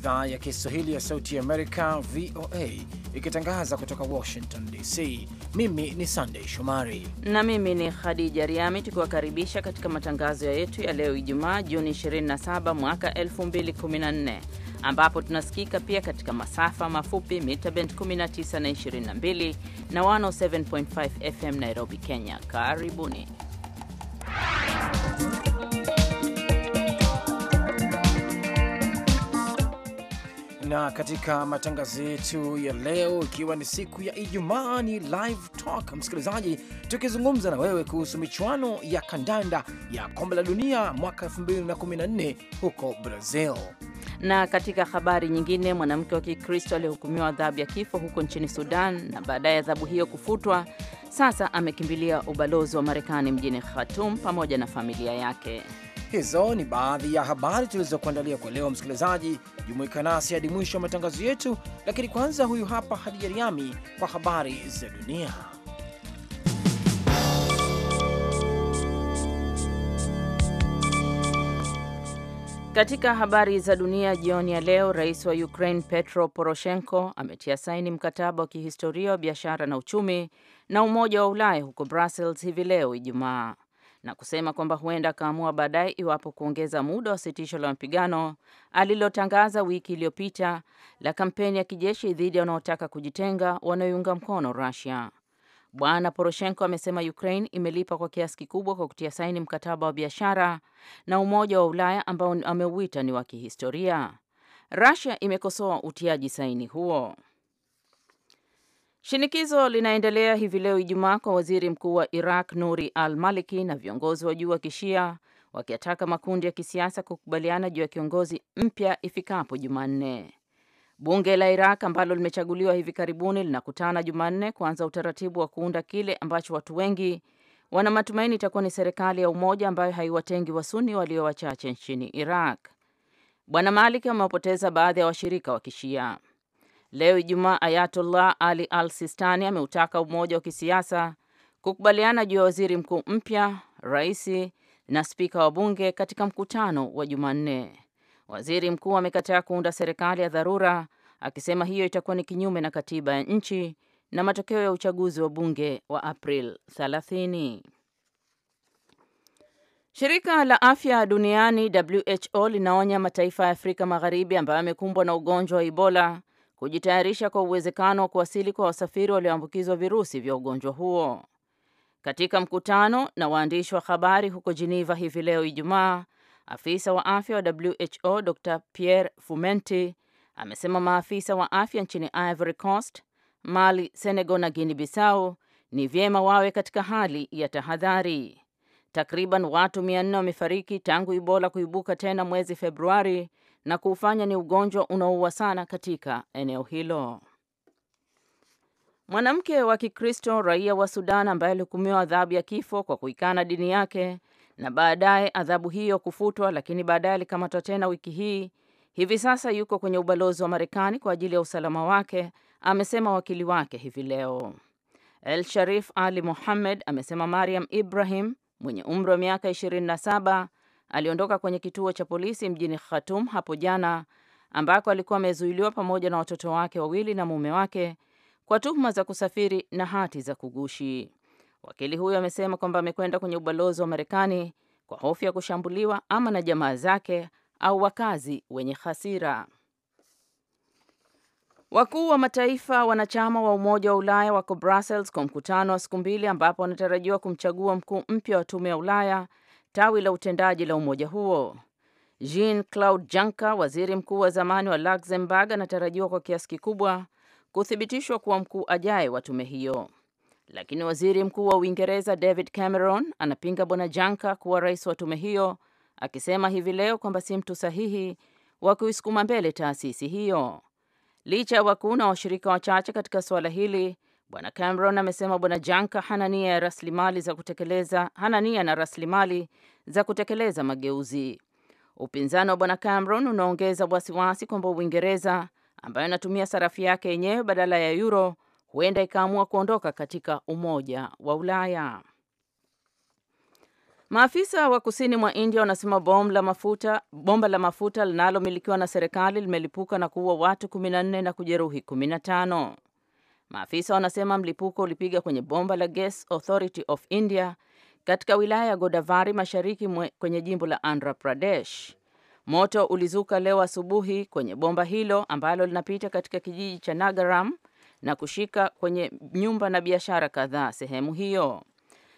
idhaa ya Kiswahili ya Sauti ya Amerika, VOA, ikitangaza kutoka Washington DC. Mimi ni Sandey Shomari na mimi ni Khadija Riami, tukiwakaribisha katika matangazo yetu ya leo Ijumaa Juni 27 mwaka 2014 ambapo tunasikika pia katika masafa mafupi mita bend 19 na 22 na 107.5 FM Nairobi, Kenya. Karibuni. na katika matangazo yetu ya leo, ikiwa ni siku ya Ijumaa, ni live talk, msikilizaji, tukizungumza na wewe kuhusu michuano ya kandanda ya kombe la dunia mwaka 2014 huko Brazil. Na katika habari nyingine, mwanamke wa Kikristo aliyehukumiwa adhabu ya kifo huko nchini Sudan na baadaye adhabu hiyo kufutwa, sasa amekimbilia ubalozi wa Marekani mjini Khartoum pamoja na familia yake. Hizo ni baadhi ya habari tulizokuandalia kwa leo. Msikilizaji, jumuika nasi hadi mwisho wa matangazo yetu, lakini kwanza, huyu hapa Hadija Riami kwa habari za dunia. Katika habari za dunia jioni ya leo, rais wa Ukraine Petro Poroshenko ametia saini mkataba wa kihistoria wa biashara na uchumi na Umoja wa Ulaya huko Brussels hivi leo Ijumaa na kusema kwamba huenda akaamua baadaye iwapo kuongeza muda wa sitisho la mapigano alilotangaza wiki iliyopita la kampeni ya kijeshi dhidi ya wanaotaka kujitenga wanaoiunga mkono rusia Bwana Poroshenko amesema Ukraine imelipa kwa kiasi kikubwa kwa kutia saini mkataba wa biashara na Umoja wa Ulaya ambao ameuita ni wa kihistoria. Rusia imekosoa utiaji saini huo. Shinikizo linaendelea hivi leo Ijumaa kwa waziri mkuu wa Iraq Nuri al Maliki na viongozi wa juu wa Kishia wakiataka makundi ya kisiasa kukubaliana juu ya kiongozi mpya ifikapo Jumanne. Bunge la Iraq ambalo limechaguliwa hivi karibuni linakutana Jumanne kuanza utaratibu wa kuunda kile ambacho watu wengi wana matumaini itakuwa ni serikali ya umoja ambayo haiwatengi Wasuni walio wachache nchini Iraq. Bwana Malik amewapoteza baadhi ya washirika wa Kishia. Leo Ijumaa, ayatullah Ali Al Sistani ameutaka umoja wa kisiasa kukubaliana juu ya waziri mkuu mpya, raisi na spika wa bunge katika mkutano wa Jumanne. Waziri mkuu amekataa kuunda serikali ya dharura akisema hiyo itakuwa ni kinyume na katiba ya nchi na matokeo ya uchaguzi wa bunge wa April 30. Shirika la Afya Duniani WHO linaonya mataifa ya Afrika Magharibi ambayo yamekumbwa na ugonjwa wa Ebola kujitayarisha kwa uwezekano wa kuwasili kwa wasafiri walioambukizwa virusi vya ugonjwa huo. Katika mkutano na waandishi wa habari huko Geneva hivi leo Ijumaa, afisa wa afya wa WHO Dr Pierre Fumenti amesema maafisa wa afya nchini Ivory Coast, Mali, Senegal na Guinea Bissau ni vyema wawe katika hali ya tahadhari. Takriban watu 400 wamefariki tangu Ibola kuibuka tena mwezi Februari na kuufanya ni ugonjwa unaoua sana katika eneo hilo. Mwanamke wa Kikristo raia wa Sudan ambaye alihukumiwa adhabu ya kifo kwa kuikana dini yake na baadaye adhabu hiyo kufutwa, lakini baadaye alikamatwa tena wiki hii, hivi sasa yuko kwenye ubalozi wa Marekani kwa ajili ya usalama wake, amesema wakili wake hivi leo. El Sharif Ali muhammed amesema Mariam Ibrahim mwenye umri wa miaka 27 aliondoka kwenye kituo cha polisi mjini Khartoum hapo jana ambako alikuwa amezuiliwa pamoja na watoto wake wawili na mume wake kwa tuhuma za kusafiri na hati za kugushi. Wakili huyo amesema kwamba amekwenda kwenye ubalozi wa Marekani kwa hofu ya kushambuliwa ama na jamaa zake au wakazi wenye hasira. Wakuu wa mataifa wanachama wa Umoja wa Ulaya wako Brussels kwa mkutano wa siku mbili ambapo wanatarajiwa kumchagua mkuu mpya wa Tume ya Ulaya tawi la utendaji la umoja huo. Jean Claude Juncker, waziri mkuu wa zamani wa Luxembourg, anatarajiwa kwa kiasi kikubwa kuthibitishwa kuwa mkuu ajaye wa tume hiyo, lakini waziri mkuu wa Uingereza David Cameron anapinga bwana Juncker kuwa rais wa tume hiyo, akisema hivi leo kwamba si mtu sahihi wa kuisukuma mbele taasisi hiyo. Licha ya wakuu na washirika wachache katika suala hili, Bwana Cameron amesema Bwana Janka hana nia ya rasilimali za kutekeleza, hana nia na rasilimali za kutekeleza mageuzi. Upinzani wa Bwana Cameron unaongeza wasiwasi kwamba Uingereza ambayo inatumia sarafu yake yenyewe badala ya euro huenda ikaamua kuondoka katika Umoja wa Ulaya. Maafisa wa kusini mwa India wanasema bomba la mafuta bomba la mafuta linalomilikiwa na serikali limelipuka na kuua watu 14 na kujeruhi Maafisa wanasema mlipuko ulipiga kwenye bomba la Gas Authority of India katika wilaya ya Godavari mashariki mwe kwenye jimbo la Andhra Pradesh. Moto ulizuka leo asubuhi kwenye bomba hilo ambalo linapita katika kijiji cha Nagaram na kushika kwenye nyumba na biashara kadhaa sehemu hiyo.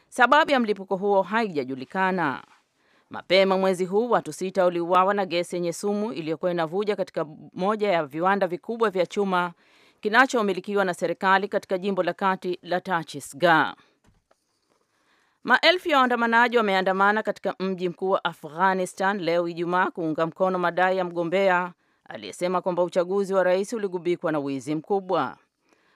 Sababu ya mlipuko huo haijajulikana. Mapema mwezi huu watu sita waliuawa na gesi yenye sumu iliyokuwa inavuja katika moja ya viwanda vikubwa vya chuma kinachomilikiwa na serikali katika jimbo la kati la Tachisga. Maelfu ya waandamanaji wameandamana katika mji mkuu wa Afghanistan leo Ijumaa kuunga mkono madai ya mgombea aliyesema kwamba uchaguzi wa rais uligubikwa na wizi mkubwa.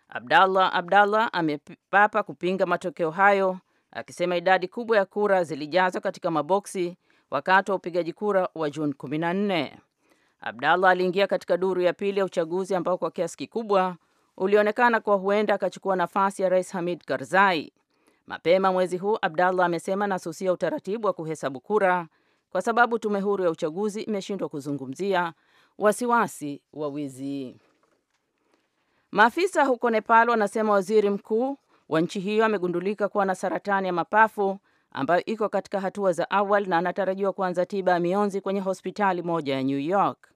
Abdallah Abdallah amepapa kupinga matokeo hayo akisema idadi kubwa ya kura zilijazwa katika maboksi wakati wa upigaji kura wa Juni 14. Abdallah aliingia katika duru ya pili ya uchaguzi ambao kwa kiasi kikubwa ulionekana kuwa huenda akachukua nafasi ya Rais Hamid Karzai. Mapema mwezi huu, Abdallah amesema anasusia utaratibu wa kuhesabu kura kwa sababu tume huru ya uchaguzi imeshindwa kuzungumzia wasiwasi wa wizi. Maafisa huko Nepal wanasema waziri mkuu wa nchi hiyo amegundulika kuwa na saratani ya mapafu ambayo iko katika hatua za awali na anatarajiwa kuanza tiba ya mionzi kwenye hospitali moja ya New York.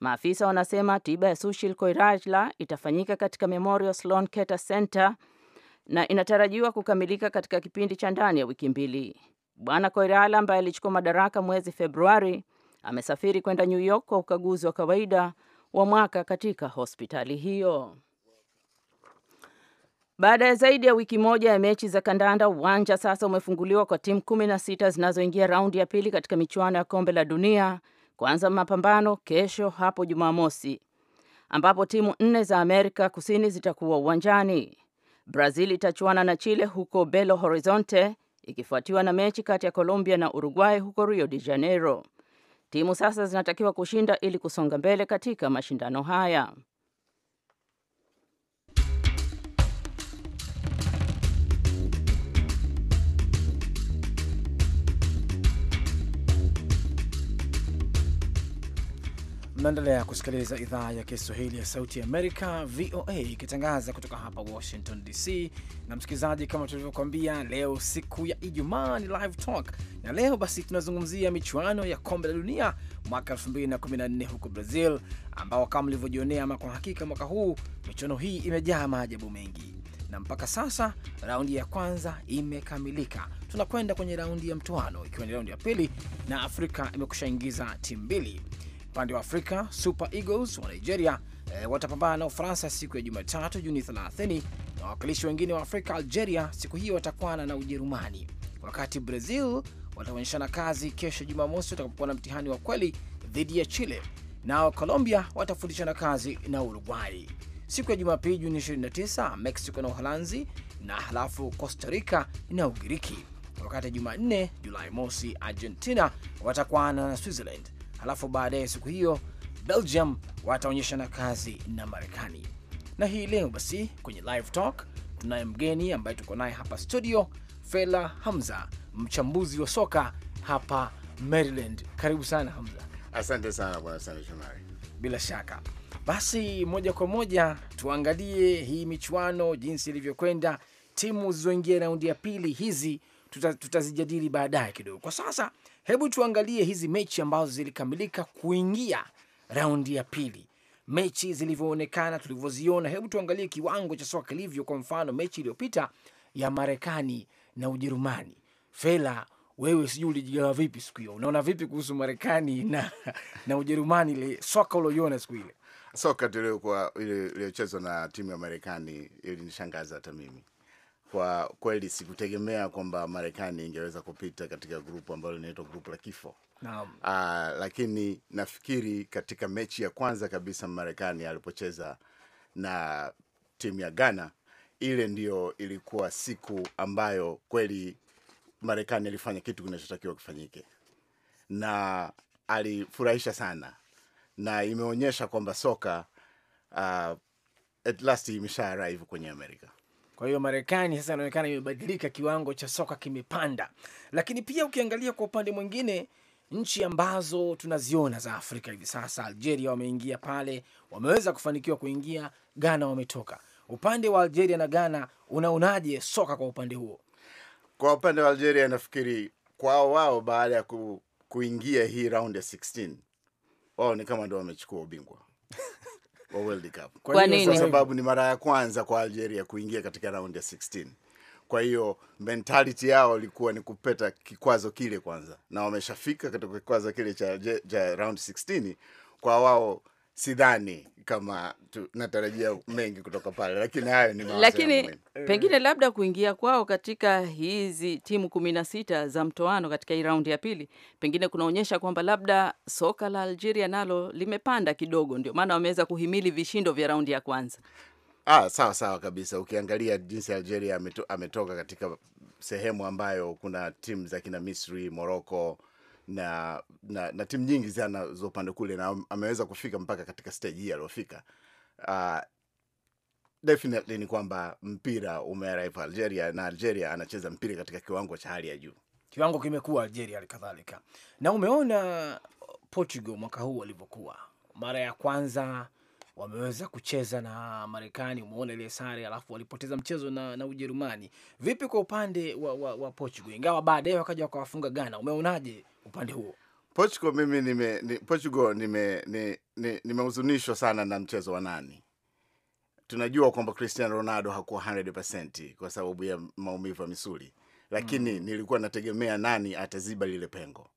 Maafisa wanasema tiba ya Sushil Koirala itafanyika katika Memorial Sloan Kettering Center na inatarajiwa kukamilika katika kipindi cha ndani ya wiki mbili. Bwana Koirala ambaye alichukua madaraka mwezi Februari amesafiri kwenda New York kwa ukaguzi wa kawaida wa mwaka katika hospitali hiyo. Baada ya zaidi ya wiki moja ya mechi za kandanda, uwanja sasa umefunguliwa kwa timu 16 zinazoingia raundi ya pili katika michuano ya kombe la dunia kuanza mapambano kesho hapo Jumamosi, ambapo timu nne za Amerika Kusini zitakuwa uwanjani. Brazil itachuana na Chile huko Belo Horizonte, ikifuatiwa na mechi kati ya Colombia na Uruguay huko Rio de Janeiro. Timu sasa zinatakiwa kushinda ili kusonga mbele katika mashindano haya. naendelea kusikiliza idhaa ya Kiswahili ya Sauti ya Amerika, VOA, ikitangaza kutoka hapa Washington DC. Na msikilizaji, kama tulivyokwambia, leo siku ya Ijumaa ni Live Talk, na leo basi tunazungumzia michuano ya kombe la dunia mwaka 2014 huko Brazil, ambao kama mlivyojionea, ama kwa hakika mwaka huu michuano hii imejaa maajabu mengi, na mpaka sasa raundi ya kwanza imekamilika. Tunakwenda kwenye raundi ya mtoano, ikiwa ni raundi ya pili, na Afrika imekushaingiza timu mbili Upande wa Afrika, Super Eagles wa Nigeria e, watapambana na Ufaransa siku ya Jumatatu Juni 30, na wawakilishi wengine wa Afrika, Algeria, siku hiyo watakwana na Ujerumani, wakati Brazil wataonyeshana kazi kesho Jumamosi watakapokuwa na mtihani wa kweli dhidi ya Chile, nao Colombia watafundishana kazi na Uruguay. Siku ya Jumapili Juni 29, Mexico na Uholanzi, na halafu Costa Rica na Ugiriki, wakati Jumanne Julai mosi Argentina watakwana na Switzerland halafu baadaye siku hiyo Belgium na kazi na Marekani. Na hii leo basi kwenye live talk tunaye mgeni ambaye tuko naye hapa studio, Fela Hamza, mchambuzi wa soka hapa Maryland. Karibu sana Hamza. Asante sana bwana Sande Shomari. Bila shaka basi, moja kwa moja tuangalie hii michuano jinsi ilivyokwenda, timu zilizoingia raundi ya pili hizi tutazijadili tuta baadaye kidogo. Kwa sasa Hebu tuangalie hizi mechi ambazo zilikamilika kuingia raundi ya pili, mechi zilivyoonekana, tulivyoziona. Hebu tuangalie kiwango cha soka kilivyo. Kwa mfano, mechi iliyopita ya Marekani na Ujerumani, Fela wewe sijui ulijigawa vipi siku hiyo, unaona vipi kuhusu Marekani na, na Ujerumani? Ile soka ulioiona siku ile, soka tuliokuwa iliyochezwa na timu ya Marekani ilinishangaza hata mimi kwa kweli sikutegemea kwamba Marekani ingeweza kupita katika grupu ambalo linaitwa grupu la kifo. Naam. Uh, lakini nafikiri katika mechi ya kwanza kabisa Marekani alipocheza na timu ya Ghana, ile ndio ilikuwa siku ambayo kweli Marekani alifanya kitu kinachotakiwa kifanyike na alifurahisha sana, na imeonyesha kwamba soka uh, at last imesha arrive kwenye Amerika. Kwa hiyo Marekani sasa inaonekana imebadilika, kiwango cha soka kimepanda. Lakini pia ukiangalia kwa upande mwingine, nchi ambazo tunaziona za Afrika hivi sasa, Algeria wameingia pale, wameweza kufanikiwa kuingia. Ghana wametoka. Upande wa Algeria na Ghana, unaonaje soka kwa upande huo? Kwa upande wa Algeria, nafikiri kwao wao, baada ya ku, kuingia hii round ya 16 wao ni kama ndo wamechukua ubingwa <laughs> wa World Cup. Kwa nini? sababu ni mara ya kwanza kwa Algeria kuingia katika raundi ya 16. Kwa hiyo mentality yao ilikuwa ni kupeta kikwazo kile kwanza, na wameshafika katika kikwazo kile cha, cha round 16 kwa wao sidhani kama tu, natarajia mengi kutoka pale, lakini hayo ni lakini pengine eh. labda kuingia kwao katika hizi timu kumi na sita za mtoano katika hii raundi ya pili pengine kunaonyesha kwamba labda soka la Algeria nalo limepanda kidogo, ndio maana wameweza kuhimili vishindo vya raundi ya kwanza. Ah, sawa sawa kabisa. Ukiangalia jinsi Algeria ameto, ametoka katika sehemu ambayo kuna timu za kina Misri, Morocco na na, na timu nyingi sana za upande kule, na ameweza kufika mpaka katika stage hii aliofika Uh, definitely ni kwamba mpira umearrive Algeria, na Algeria anacheza mpira katika kiwango cha hali ya juu. Kiwango kimekuwa Algeria halikadhalika, na umeona Portugal mwaka huu walivyokuwa mara ya kwanza wameweza kucheza na Marekani, umeona ile sare, alafu walipoteza mchezo na, na Ujerumani. Vipi kwa upande wa, wa, wa Portugal, ingawa baadaye wakaja wakawafunga Ghana? Umeonaje upande huo? Portugal mimi nime, ni, Portugal nime nimehuzunishwa sana na mchezo wa nani. Tunajua kwamba Cristiano Ronaldo hakuwa 100% kwa sababu ya maumivu ya misuli, lakini mm, nilikuwa nategemea nani ataziba lile pengo,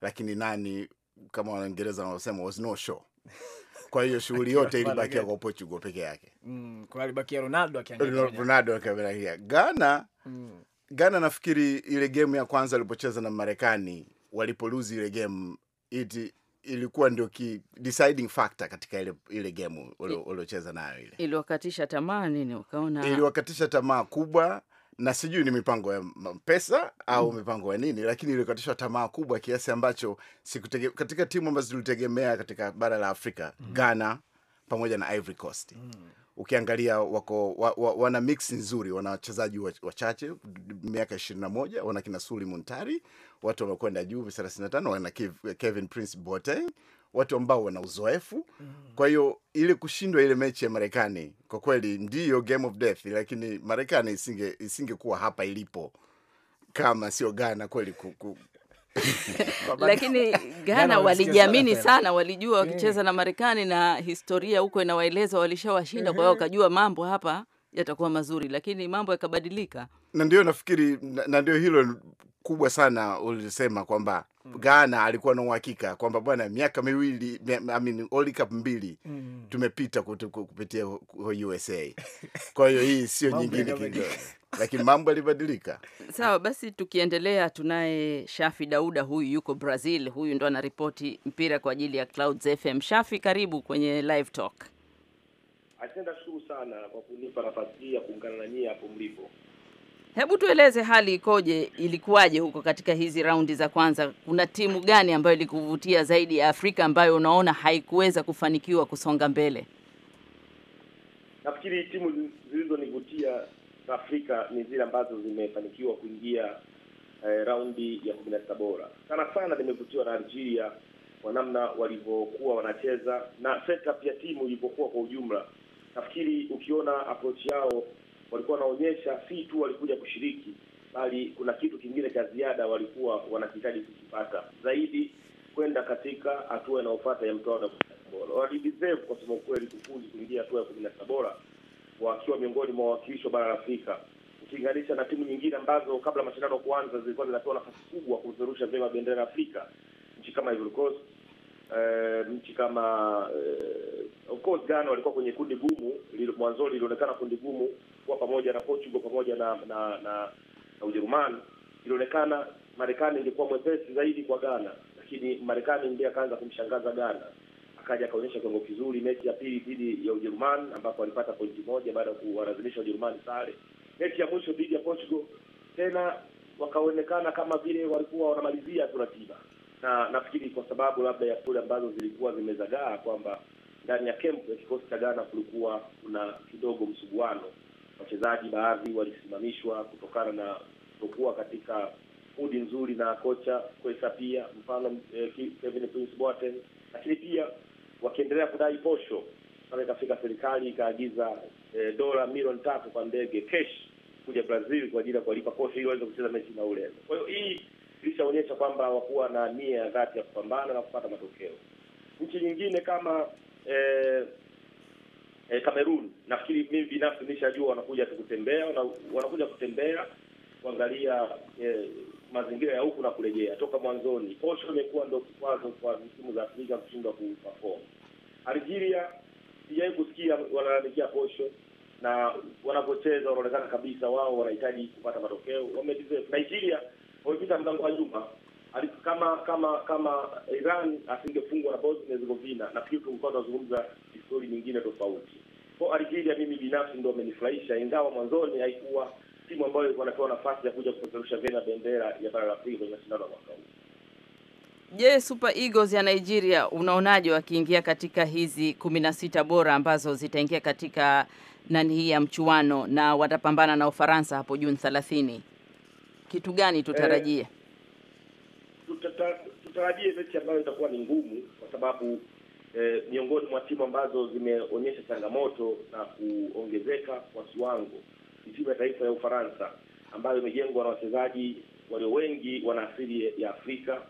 lakini nani, kama Waingereza wanaosema was no show <laughs> kwa hiyo shughuli yote ilibakia kwa Portugal peke yake. Mm, kwa alibakia Ronaldo akiangalia. Ronaldo akiangalia. Ghana mm. Ghana nafikiri ile game ya kwanza walipocheza na Marekani walipoluzi ile game iti ilikuwa ndio ki deciding factor katika ile ile game uliocheza nayo ile. Iliwakatisha tamaa nini ukaona? Iliwakatisha tamaa kubwa na sijui ni mipango ya pesa au mm, mipango ya nini, lakini ilikatishwa tamaa kubwa kiasi ambacho sikutege, katika timu ambazo zilitegemea katika bara la Afrika mm, Ghana pamoja na Ivory Coast mm, ukiangalia wako wa, wa, wana mix nzuri, wana wachezaji wachache miaka ishirini na moja, wana kina Suli Muntari, watu wamekwenda juu 35, wana Kevin Prince Boateng watu ambao wana uzoefu mm. Kwa hiyo ili kushindwa ile mechi ya Marekani kwa kweli ndiyo game of death, lakini Marekani isinge isingekuwa hapa ilipo kama sio Ghana kweli kuku. <laughs> Lakini Ghana walijiamini sana, walijua mm. wakicheza na Marekani na historia huko inawaeleza walishawashinda, kwa hiyo mm-hmm. wakajua mambo hapa yatakuwa mazuri, lakini mambo yakabadilika, na ndio nafikiri, na ndio hilo kubwa sana ulisema kwamba mm. Ghana alikuwa na uhakika kwamba bwana, miaka miwili mi, I mean, Cup mbili mm. tumepita kupitia USA. <laughs> Kwa hiyo hii sio nyingine kidogo lakini mambo yalibadilika. Sawa basi, tukiendelea, tunaye Shafi Dauda, huyu yuko Brazil, huyu ndo anaripoti mpira kwa ajili ya Clouds FM. Shafi, karibu kwenye live talk. Asante, nashukuru sana kwa kunipa nafasi hii ya kuungana na nyie hapo mlipo. Hebu tueleze hali ikoje, ilikuwaje huko katika hizi raundi za kwanza? Kuna timu gani ambayo ilikuvutia zaidi ya Afrika ambayo unaona haikuweza kufanikiwa kusonga mbele? Nafikiri timu zilizonivutia za Afrika ni zile ambazo zimefanikiwa kuingia eh, raundi ya kumi na sita bora. Sana sana nimevutiwa na Algeria kwa namna walivyokuwa wanacheza na setup ya timu ilivyokuwa kwa ujumla. Nafikiri ukiona approach yao walikuwa wanaonyesha si tu walikuja kushiriki, bali kuna kitu kingine cha ziada walikuwa wanahitaji kukipata zaidi, kwenda katika hatua inayofata ya mtoano wa bora. Walideserve kwa sema ukweli kufuzi kuingia hatua ya kumi na sita bora wakiwa miongoni mwa wawakilishi wa bara la Afrika ukilinganisha na timu nyingine ambazo kabla mashindano kuanza zilikuwa zinapewa nafasi kubwa kupeperusha vyema bendera ya Afrika, nchi kama Ivory eh, nchi kama eh, of course Ghana walikuwa kwenye kundi gumu, mwanzoni lilionekana kundi gumu kuwa pamoja na Portugal pamoja na na, na, na Ujerumani, ilionekana Marekani ingekuwa mwepesi zaidi kwa Ghana, lakini Marekani ndiye akaanza kumshangaza Ghana, akaja akaonyesha kiwango kizuri mechi ya pili dhidi ya Ujerumani ambapo alipata pointi moja baada ya kuwalazimisha Ujerumani sare. Mechi ya mwisho dhidi ya Portugal tena wakaonekana kama vile walikuwa wanamalizia tu ratiba, na nafikiri kwa sababu labda ya stori ambazo zilikuwa zimezagaa kwamba ndani ya kempu ya kikosi cha Ghana kulikuwa kuna kidogo msuguano wachezaji baadhi walisimamishwa kutokana na kutokuwa katika udi nzuri na kocha Kwesa, pia mfano eh, Kevin Prince Boateng, lakini pia wakiendelea kudai posho sana, ikafika serikali ikaagiza eh, dola milioni tatu kwa ndege cash kuja Brazil kwa ajili ya kuwalipa posho ili waweze kucheza mechi na Ureno. Kwa hiyo hii ilishaonyesha kwamba wakuwa na nia ya dhati ya kupambana na kupata matokeo. Nchi nyingine kama eh, eh, Kamerun. Nafikiri mimi binafsi nishajua wanakuja tukutembea, wanakuja kutembea kuangalia eh, mazingira ya huku na kurejea. Toka mwanzoni posho imekuwa ndio kikwazo kwa timu za Afrika kushindwa kuperform. Algeria sijai kusikia wanalalamikia posho na wanapocheza wanaonekana kabisa wao wanahitaji kupata matokeo. Wamedeserve. Nigeria wamepita mlango wa nyuma kama kama kama Iran asingefungwa na Bosnia Herzegovina, nafikiri tungekuwa tunazungumza stori nyingine tofauti. Kwa Algeria mimi binafsi ndo amenifurahisha, ingawa mwanzoni haikuwa timu ambayo ilikuwa inapewa nafasi ya kuja kupeperusha vena bendera ya bara la Afrika kwenye mashindano ya mwaka huu. Je, Super Eagles ya Nigeria unaonaje wakiingia katika hizi kumi na sita bora ambazo zitaingia katika nani hii ya mchuano na watapambana na Ufaransa hapo Juni thelathini? Kitu gani eh, tutarajie? Eh, tutarajie mechi ambayo itakuwa ni ngumu kwa sababu e, miongoni mwa timu ambazo zimeonyesha changamoto na kuongezeka kwa kiwango ni timu ya taifa ya Ufaransa ambayo imejengwa na wachezaji walio wengi wana asili ya Afrika.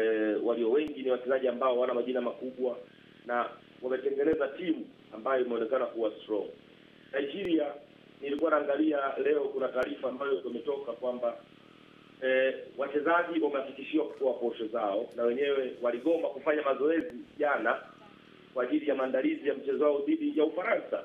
E, walio wengi ni wachezaji ambao wana majina makubwa na wametengeneza timu ambayo imeonekana kuwa strong. Nigeria, nilikuwa naangalia leo, kuna taarifa ambayo imetoka kwamba eh, wachezaji wamehakikishiwa kutoa posho zao, na wenyewe waligoma kufanya mazoezi jana kwa ajili ya maandalizi ya mchezo wao dhidi ya Ufaransa,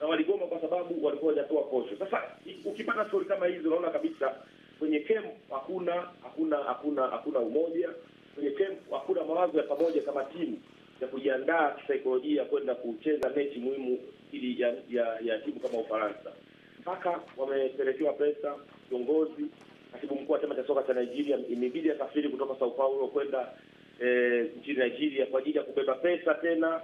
na waligoma kwa sababu walikuwa hawajatoa posho. Sasa ukipata stori kama hizi unaona kabisa kwenye camp hakuna hakuna hakuna hakuna umoja kwenye camp, hakuna mawazo ya pamoja kama timu ya kujiandaa kisaikolojia kwenda kucheza mechi muhimu ili ya, ya, ya timu kama Ufaransa. Mpaka wamepelekewa pesa viongozi katibu mkuu wa chama cha soka cha Nigeria, imebidi asafiri kutoka Sao Paulo kwenda e, nchini Nigeria kwa ajili ya kubeba pesa tena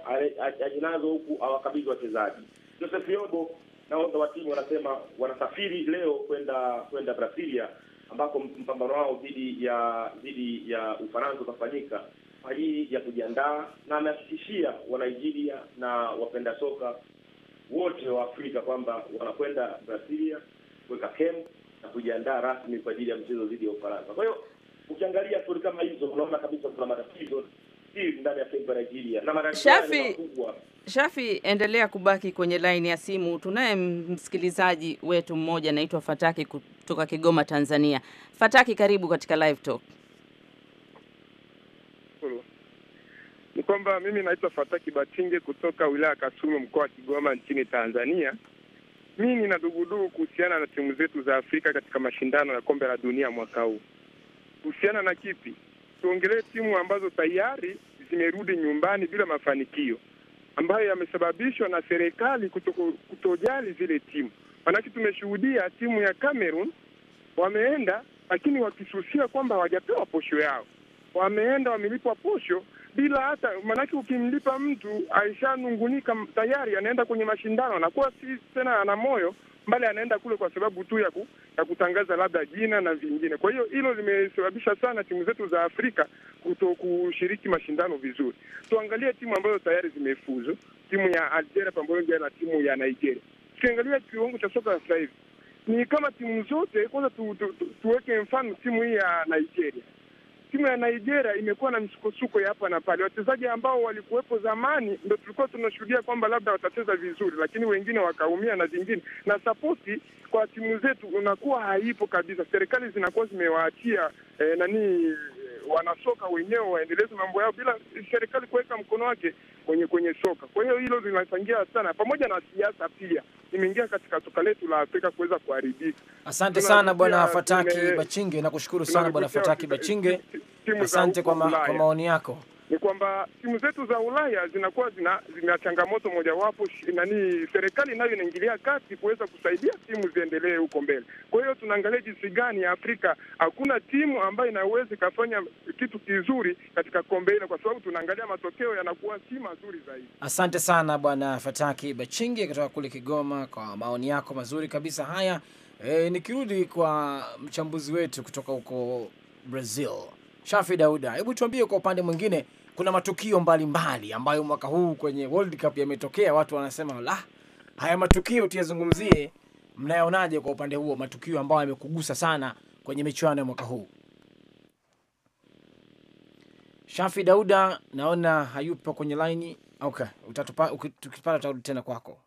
aje nazo huku awakabidhi wachezaji. Joseph Yobo wote wa timu wanasema wanasafiri leo kwenda kwenda Brasilia ambako mpambano wao dhidi ya dhidi ya Ufaransa utafanyika kwa ajili ya kujiandaa, na amehakikishia Nigeria na wapenda soka wote wa Afrika kwamba wanakwenda Brasilia kuweka kemu na kujiandaa rasmi kwa ajili ya mchezo dhidi ya Ufaransa. Kwa hiyo ukiangalia stori kama hizo, unaona kabisa kuna matatizo ndani ya taifa Nigeria na matatizo Shafi, endelea kubaki kwenye laini ya simu. Tunaye msikilizaji wetu mmoja anaitwa Fataki kutoka Kigoma, Tanzania. Fataki, karibu katika live talk. Ni kwamba mimi naitwa Fataki Batinge kutoka wilaya ya Kasumu, mkoa wa Kigoma, nchini Tanzania nini na dugudugu kuhusiana na timu zetu za Afrika katika mashindano ya kombe la dunia mwaka huu. Kuhusiana na kipi? Tuongelee timu ambazo tayari zimerudi nyumbani bila mafanikio ambayo yamesababishwa na serikali kutojali zile timu. Maanake tumeshuhudia timu ya Cameroon wameenda, lakini wakisusia kwamba hawajapewa posho yao wameenda wamelipwa posho bila hata maanake, ukimlipa mtu aishanungunika tayari, anaenda kwenye mashindano, anakuwa si tena ana moyo mbali, anaenda kule kwa sababu tu ya, ku, ya kutangaza labda jina na vingine. Kwa hiyo hilo limesababisha sana timu zetu za Afrika kuto kushiriki mashindano vizuri. Tuangalie timu ambazo tayari zimefuzu, timu ya Algeria pamoja na timu ya Nigeria. Tukiangalia kiwango cha soka sasa hivi ni kama timu zote, kwanza tu, tu, tu, tuweke mfano timu hii ya Nigeria timu ya Nigeria imekuwa na misukosuko ya hapa na pale. Wachezaji ambao walikuwepo zamani ndo tulikuwa tunashuhudia kwamba labda watacheza vizuri, lakini wengine wakaumia na vingine, na sapoti kwa timu zetu unakuwa haipo kabisa. Serikali zinakuwa zimewaachia eh, nani wanasoka wenyewe waendeleze mambo yao bila serikali kuweka mkono wake kwenye kwenye soka. Kwa hiyo hilo linachangia sana, pamoja na siasa pia imeingia katika soka letu la Afrika kuweza kuharibika. Asante sana Bwana Fataki Bachinge, nakushukuru sana Bwana Fataki Bachinge, asante kwa maoni yako ni kwamba timu zetu za Ulaya zinakuwa zina, zina changamoto mojawapo nani, serikali nayo inaingilia kati kuweza kusaidia timu ziendelee huko mbele. Kwa hiyo tunaangalia jinsi gani ya Afrika, hakuna timu ambayo inaweza ikafanya kitu kizuri katika kombe hilo, kwa sababu tunaangalia matokeo yanakuwa si mazuri zaidi. Asante sana Bwana Fataki Bachingi kutoka kule Kigoma kwa maoni yako mazuri kabisa. Haya, e, nikirudi kwa mchambuzi wetu kutoka huko Brazil Shafi Dauda, hebu tuambie kwa upande mwingine kuna matukio mbalimbali mbali ambayo mwaka huu kwenye World Cup yametokea. Watu wanasema la, haya matukio tuyazungumzie. Mnayaonaje kwa upande huo, matukio ambayo yamekugusa sana kwenye michuano ya mwaka huu? Shafi Dauda naona hayupo kwenye laini. Okay, tukipata tarudi tena kwako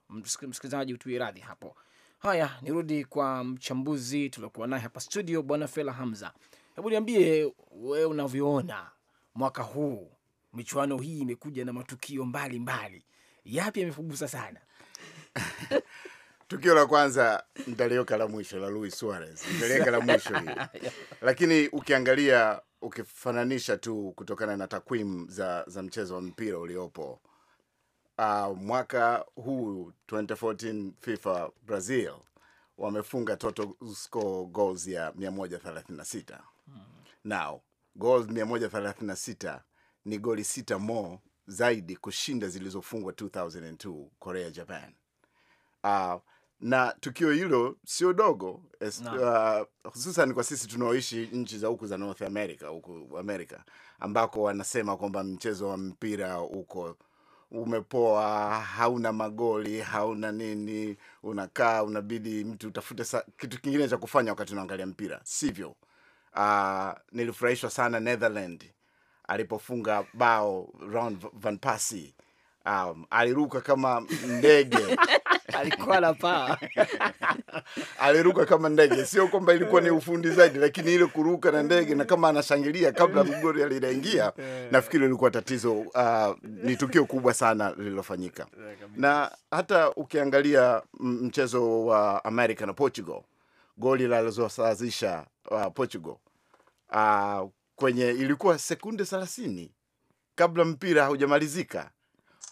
msikilizaji, utuie radhi hapo. Haya, nirudi kwa mchambuzi tuliokuwa naye hapa studio, bwana Fela Hamza. Hebu niambie wewe unavyoona mwaka huu michuano hii imekuja na matukio mbalimbali, yapi yamefugusa sana? <laughs> Tukio la kwanza ndalioka la mwisho la Luis Suarez, ndalioka la mwisho hii <laughs> lakini ukiangalia ukifananisha tu kutokana na takwimu za, za mchezo wa mpira uliopo uh, mwaka huu 2014 FIFA Brazil wamefunga total score goals ya 136 hmm. Now goals 136 ni goli sita mo zaidi kushinda zilizofungwa 2002 Korea Japan. Uh, na tukio hilo sio dogo no. Uh, ah, kwa sisi tunaoishi nchi za huku za North America huku America ambako wanasema kwamba mchezo wa mpira huko umepoa, hauna magoli, hauna nini, unakaa unabidi mtu utafute sa, kitu kingine cha kufanya wakati unaangalia mpira, sivyo? Uh, nilifurahishwa sana Netherland alipofunga bao Ron Van Persie. Um, aliruka kama ndege <laughs> alikuwa <laughs> aliruka kama ndege. Sio kwamba ilikuwa ni ufundi zaidi, lakini ile kuruka na ndege na kama anashangilia kabla mgori alinaingia eh. nafikiri ilikuwa tatizo. Uh, ni tukio kubwa sana lililofanyika, eh, na hata ukiangalia mchezo wa America na Portugal, goli lalizosawazisha uh, Portugal uh, kwenye ilikuwa sekunde 30 kabla mpira haujamalizika.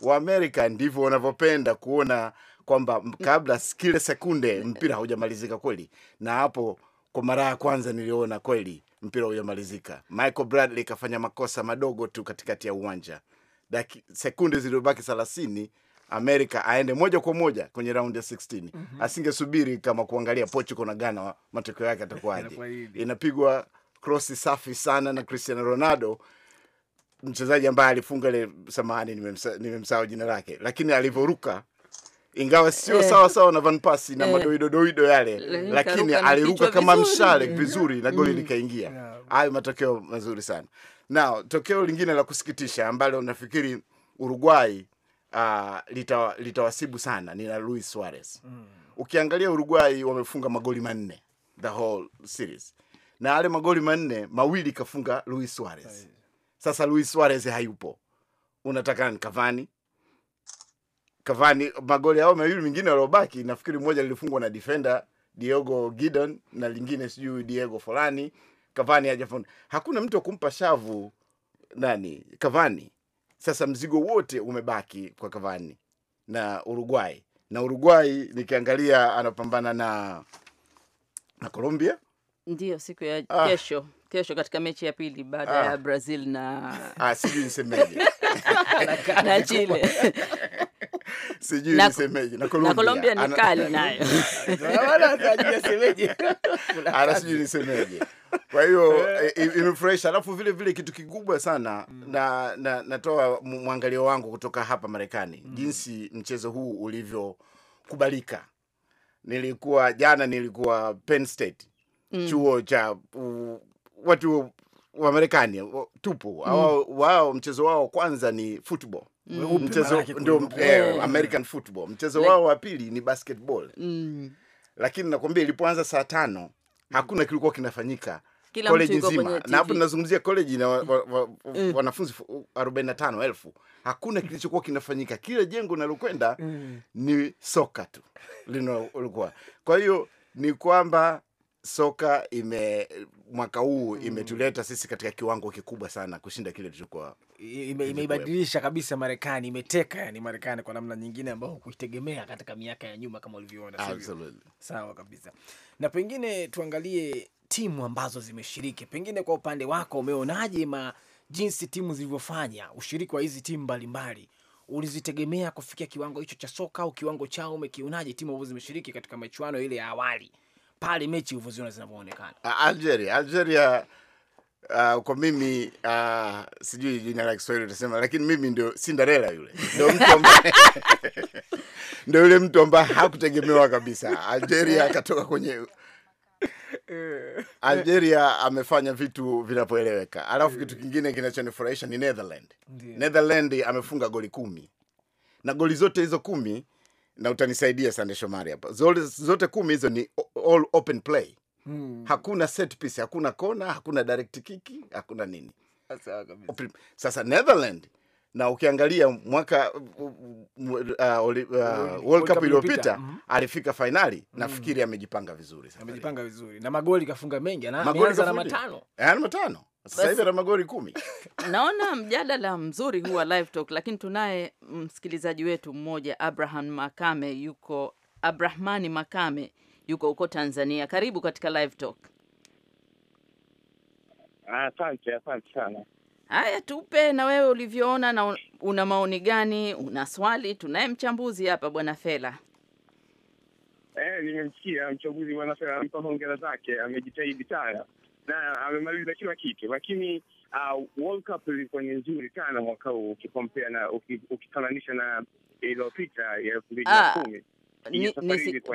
Waamerika ndivyo wanavyopenda kuona kwamba kabla kile sekunde mpira haujamalizika kweli, na hapo kwa mara ya kwanza niliona kweli mpira haujamalizika. Michael Bradley kafanya makosa madogo tu katikati ya uwanja, daki sekunde zilizobaki thelathini Amerika aende moja kwa moja kwenye raundi ya 16. Mm -hmm. Asingesubiri kama kuangalia Portugal na Ghana matokeo yake atakuwaje. Inapigwa krosi safi sana na Cristiano Ronaldo mchezaji ambaye alifunga ile, samahani, nimemsahau jina lake, lakini alivyoruka ingawa sio yeah, sawa sawa na Van pasi na yeah, madoidodoido yale Le, lakini aliruka kama mshale mm. vizuri na goli mm. likaingia. Yeah, hayo matokeo mazuri sana. Na tokeo lingine la kusikitisha ambalo nafikiri Uruguay uh, litawasibu lita sana ni la Luis Suarez mm. Ukiangalia Uruguay wamefunga magoli manne the whole series na yale magoli manne mawili kafunga Luis Suarez. Sasa Luis Suarez hayupo, unataka ni Cavani. Cavani magoli yao mawili mengine waliobaki, nafikiri mmoja lilifungwa na defender Diego Gidon na lingine sijui Diego fulani. Cavani hajafunga, hakuna mtu akumpa shavu nani Cavani. Sasa mzigo wote umebaki kwa Cavani na Uruguay, na Uruguay nikiangalia anapambana na na Colombia Ndiyo, siku ya ah, kesho kesho katika mechi ya pili baada ah, ya Brazil na ah, sijui nisemeje <laughs> na Chile <laughs> sijui nisemeje na Colombia ni kali nayo <laughs> sijui nisemeje. Kwa hiyo eh. imefresh. Alafu vile vile kitu kikubwa sana mm, na, na natoa mwangalio wangu kutoka hapa Marekani mm, jinsi mchezo huu ulivyokubalika. Nilikuwa jana, nilikuwa Penn State mm. chuo cha u, watu wa Marekani tupu mm. wao, mchezo wao kwanza ni football mm. mchezo ndio eh, mm. American football mchezo like, wao wa pili ni basketball mm. Lakini nakwambia ilipoanza saa tano hakuna kilikuwa kinafanyika koleji nzima na hapo nazungumzia koleji na wa, mm. wa, wa, mm. wanafunzi arobaini na tano elfu. Hakuna kilichokuwa kinafanyika, kile jengo nalokwenda mm. ni soka tu linalokuwa. Kwa hiyo ni kwamba soka ime mwaka huu mm, imetuleta sisi katika kiwango kikubwa sana kushinda kile tulichokuwa. Imeibadilisha ime kabisa Marekani, imeteka yani Marekani kwa namna nyingine ambayo kuitegemea katika miaka ya nyuma, kama ulivyoona. sawa kabisa. Na pengine tuangalie timu ambazo zimeshiriki, pengine kwa upande wako umeonaje ma jinsi timu zilivyofanya, ushiriki wa hizi timu mbalimbali ulizitegemea kufikia kiwango hicho cha soka au kiwango chao umekionaje, timu ambazo zimeshiriki katika michuano ile ya awali pale mechi hivyo zinavyoonekana. Algeria, Algeria Uh, kwa mimi uh, sijui jina la Kiswahili utasema, lakini mimi ndio Cinderella yule, ndio mtu ambaye <laughs> ndio yule mtu ambaye hakutegemewa kabisa. Algeria akatoka kwenye <laughs> Algeria amefanya vitu vinapoeleweka, alafu kitu kingine kinachonifurahisha ni Netherland. Netherland amefunga goli kumi na goli zote hizo kumi na utanisaidia Sande Shomari hapa, zote, zote kumi hizo ni all open play hmm. Hakuna set piece, hakuna kona, hakuna direct kiki, hakuna nini. Sasa Netherland na ukiangalia mwaka uh, uh, uh, World Cup iliyopita mm -hmm. alifika fainali mm -hmm. nafikiri amejipanga vizuri, amejipanga vizuri na magoli kafunga mengi, ana, matano, eh, ana matano sasa hivi ana magori kumi. <laughs> Naona mjadala mzuri huwa live talk, lakini tunaye msikilizaji wetu mmoja Abraham Makame yuko Abrahmani Makame yuko huko Tanzania. Karibu katika live talk. Asante, asante sana. Haya, tupe na wewe ulivyoona, na una maoni gani? Una swali? Tunaye mchambuzi hapa bwana Fela. Eh, nimemsikia mchambuzi bwana Fela, mpa hongera zake, amejitahidi sana na amemaliza kila kitu, lakini uh, World Cup ilikuwa ni nzuri sana mwaka huu ukikompea na ukifananisha na iliyopita ya elfu mbili na ah, kumi.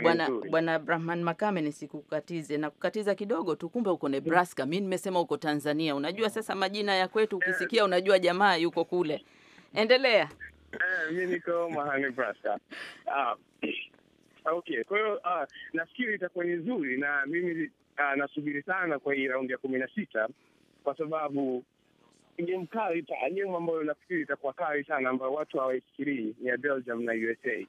Bwana Bwana Brahman Makame, nisikukatize na kukatiza kidogo tu, kumbe uko Nebraska, mi nimesema uko Tanzania. Unajua sasa majina ya kwetu eh. ukisikia unajua jamaa yuko kule. Endelea. Eh, mi niko Nebraska. Ah, okay, kwa hiyo ah, nafikiri itakuwa ni nzuri na mimi anasubiri ah, sana kwa hii raundi ya kumi na sita kwa sababu gemu kali, gemu ambayo nafikiri itakuwa kali sana, ambayo watu hawaifikirii ni ya Belgium na USA.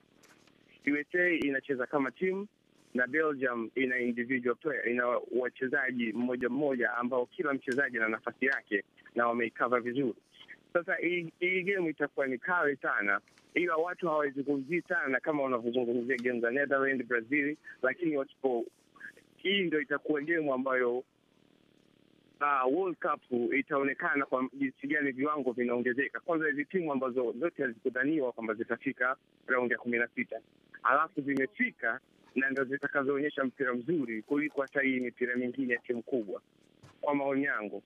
USA inacheza kama timu na Belgium ina individual player, ina wachezaji mmoja mmoja ambao kila mchezaji ana nafasi yake na wameikava vizuri. Sasa hii game itakuwa ni kali sana, ila watu hawaizungumzii sana kama wanavyozungumzia game za Netherlands, Brazil, lakini hii ndo itakuwa gemu ambayo uh, World Cup itaonekana kwa jinsi gani viwango vinaongezeka. Kwanza hizi timu ambazo zote hazikudhaniwa kwamba zitafika raundi ya kumi na sita alafu zimefika na ndo zitakazoonyesha mpira mzuri kuliko hata hii mipira mingine ya timu kubwa, kwa maoni yangu.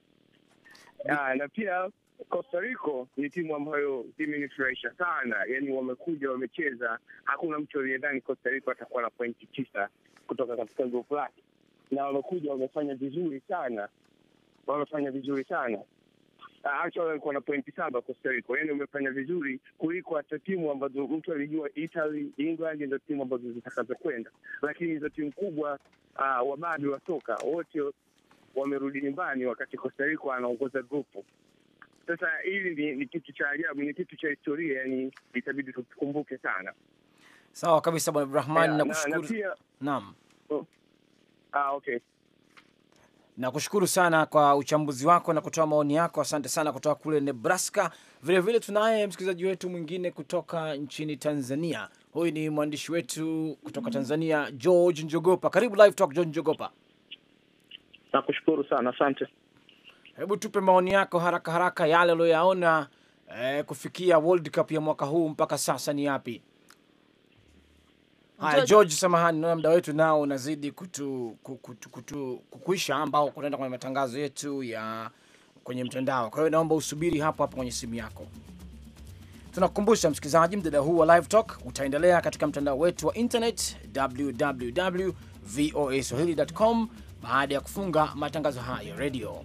Uh, na pia Costa Rico ni timu ambayo imenifurahisha sana, yaani wamekuja wamecheza, hakuna mtu aliyedhani Costa Rico atakuwa na pointi tisa kutoka katika grupu lake, na wamekuja wamefanya vizuri sana, wamefanya vizuri sana actually walikuwa na pointi saba Costa yani umefanya vizuri kuliko hata timu ambazo mtu alijua Italy, England ndo timu ambazo zitakazo kwenda, lakini hizo timu kubwa uh, wababi wa soka wote wamerudi nyumbani, wakati Costa anaongoza grupu. Sasa hili ni, ni kitu cha ajabu, ni kitu cha historia, yani itabidi tukumbuke sana. Sawa kabisa bwana yeah, nakushukuru. Naam, oh. ah, nakushukuru sana kwa uchambuzi wako na kutoa maoni yako, asante sana kutoka kule Nebraska. Vilevile tunaye msikilizaji wetu mwingine kutoka nchini Tanzania. Huyu ni mwandishi wetu kutoka Tanzania, George Njogopa. Karibu Live Talk, George Njogopa. Nakushukuru sana, asante. Hebu tupe maoni yako haraka haraka, yale uliyoyaona eh, kufikia World Cup ya mwaka huu mpaka sasa ni yapi? Haya, George, samahani, naona muda wetu nao unazidi kutu, kutu, kutu, kukuisha ambao kunaenda kwenye matangazo yetu ya kwenye mtandao. Kwa hiyo naomba usubiri hapo hapo kwenye simu yako. Tunakukumbusha msikilizaji, mdada huu wa Live Talk utaendelea katika mtandao wetu wa internet www voa swahili.com baada ya kufunga matangazo haya redio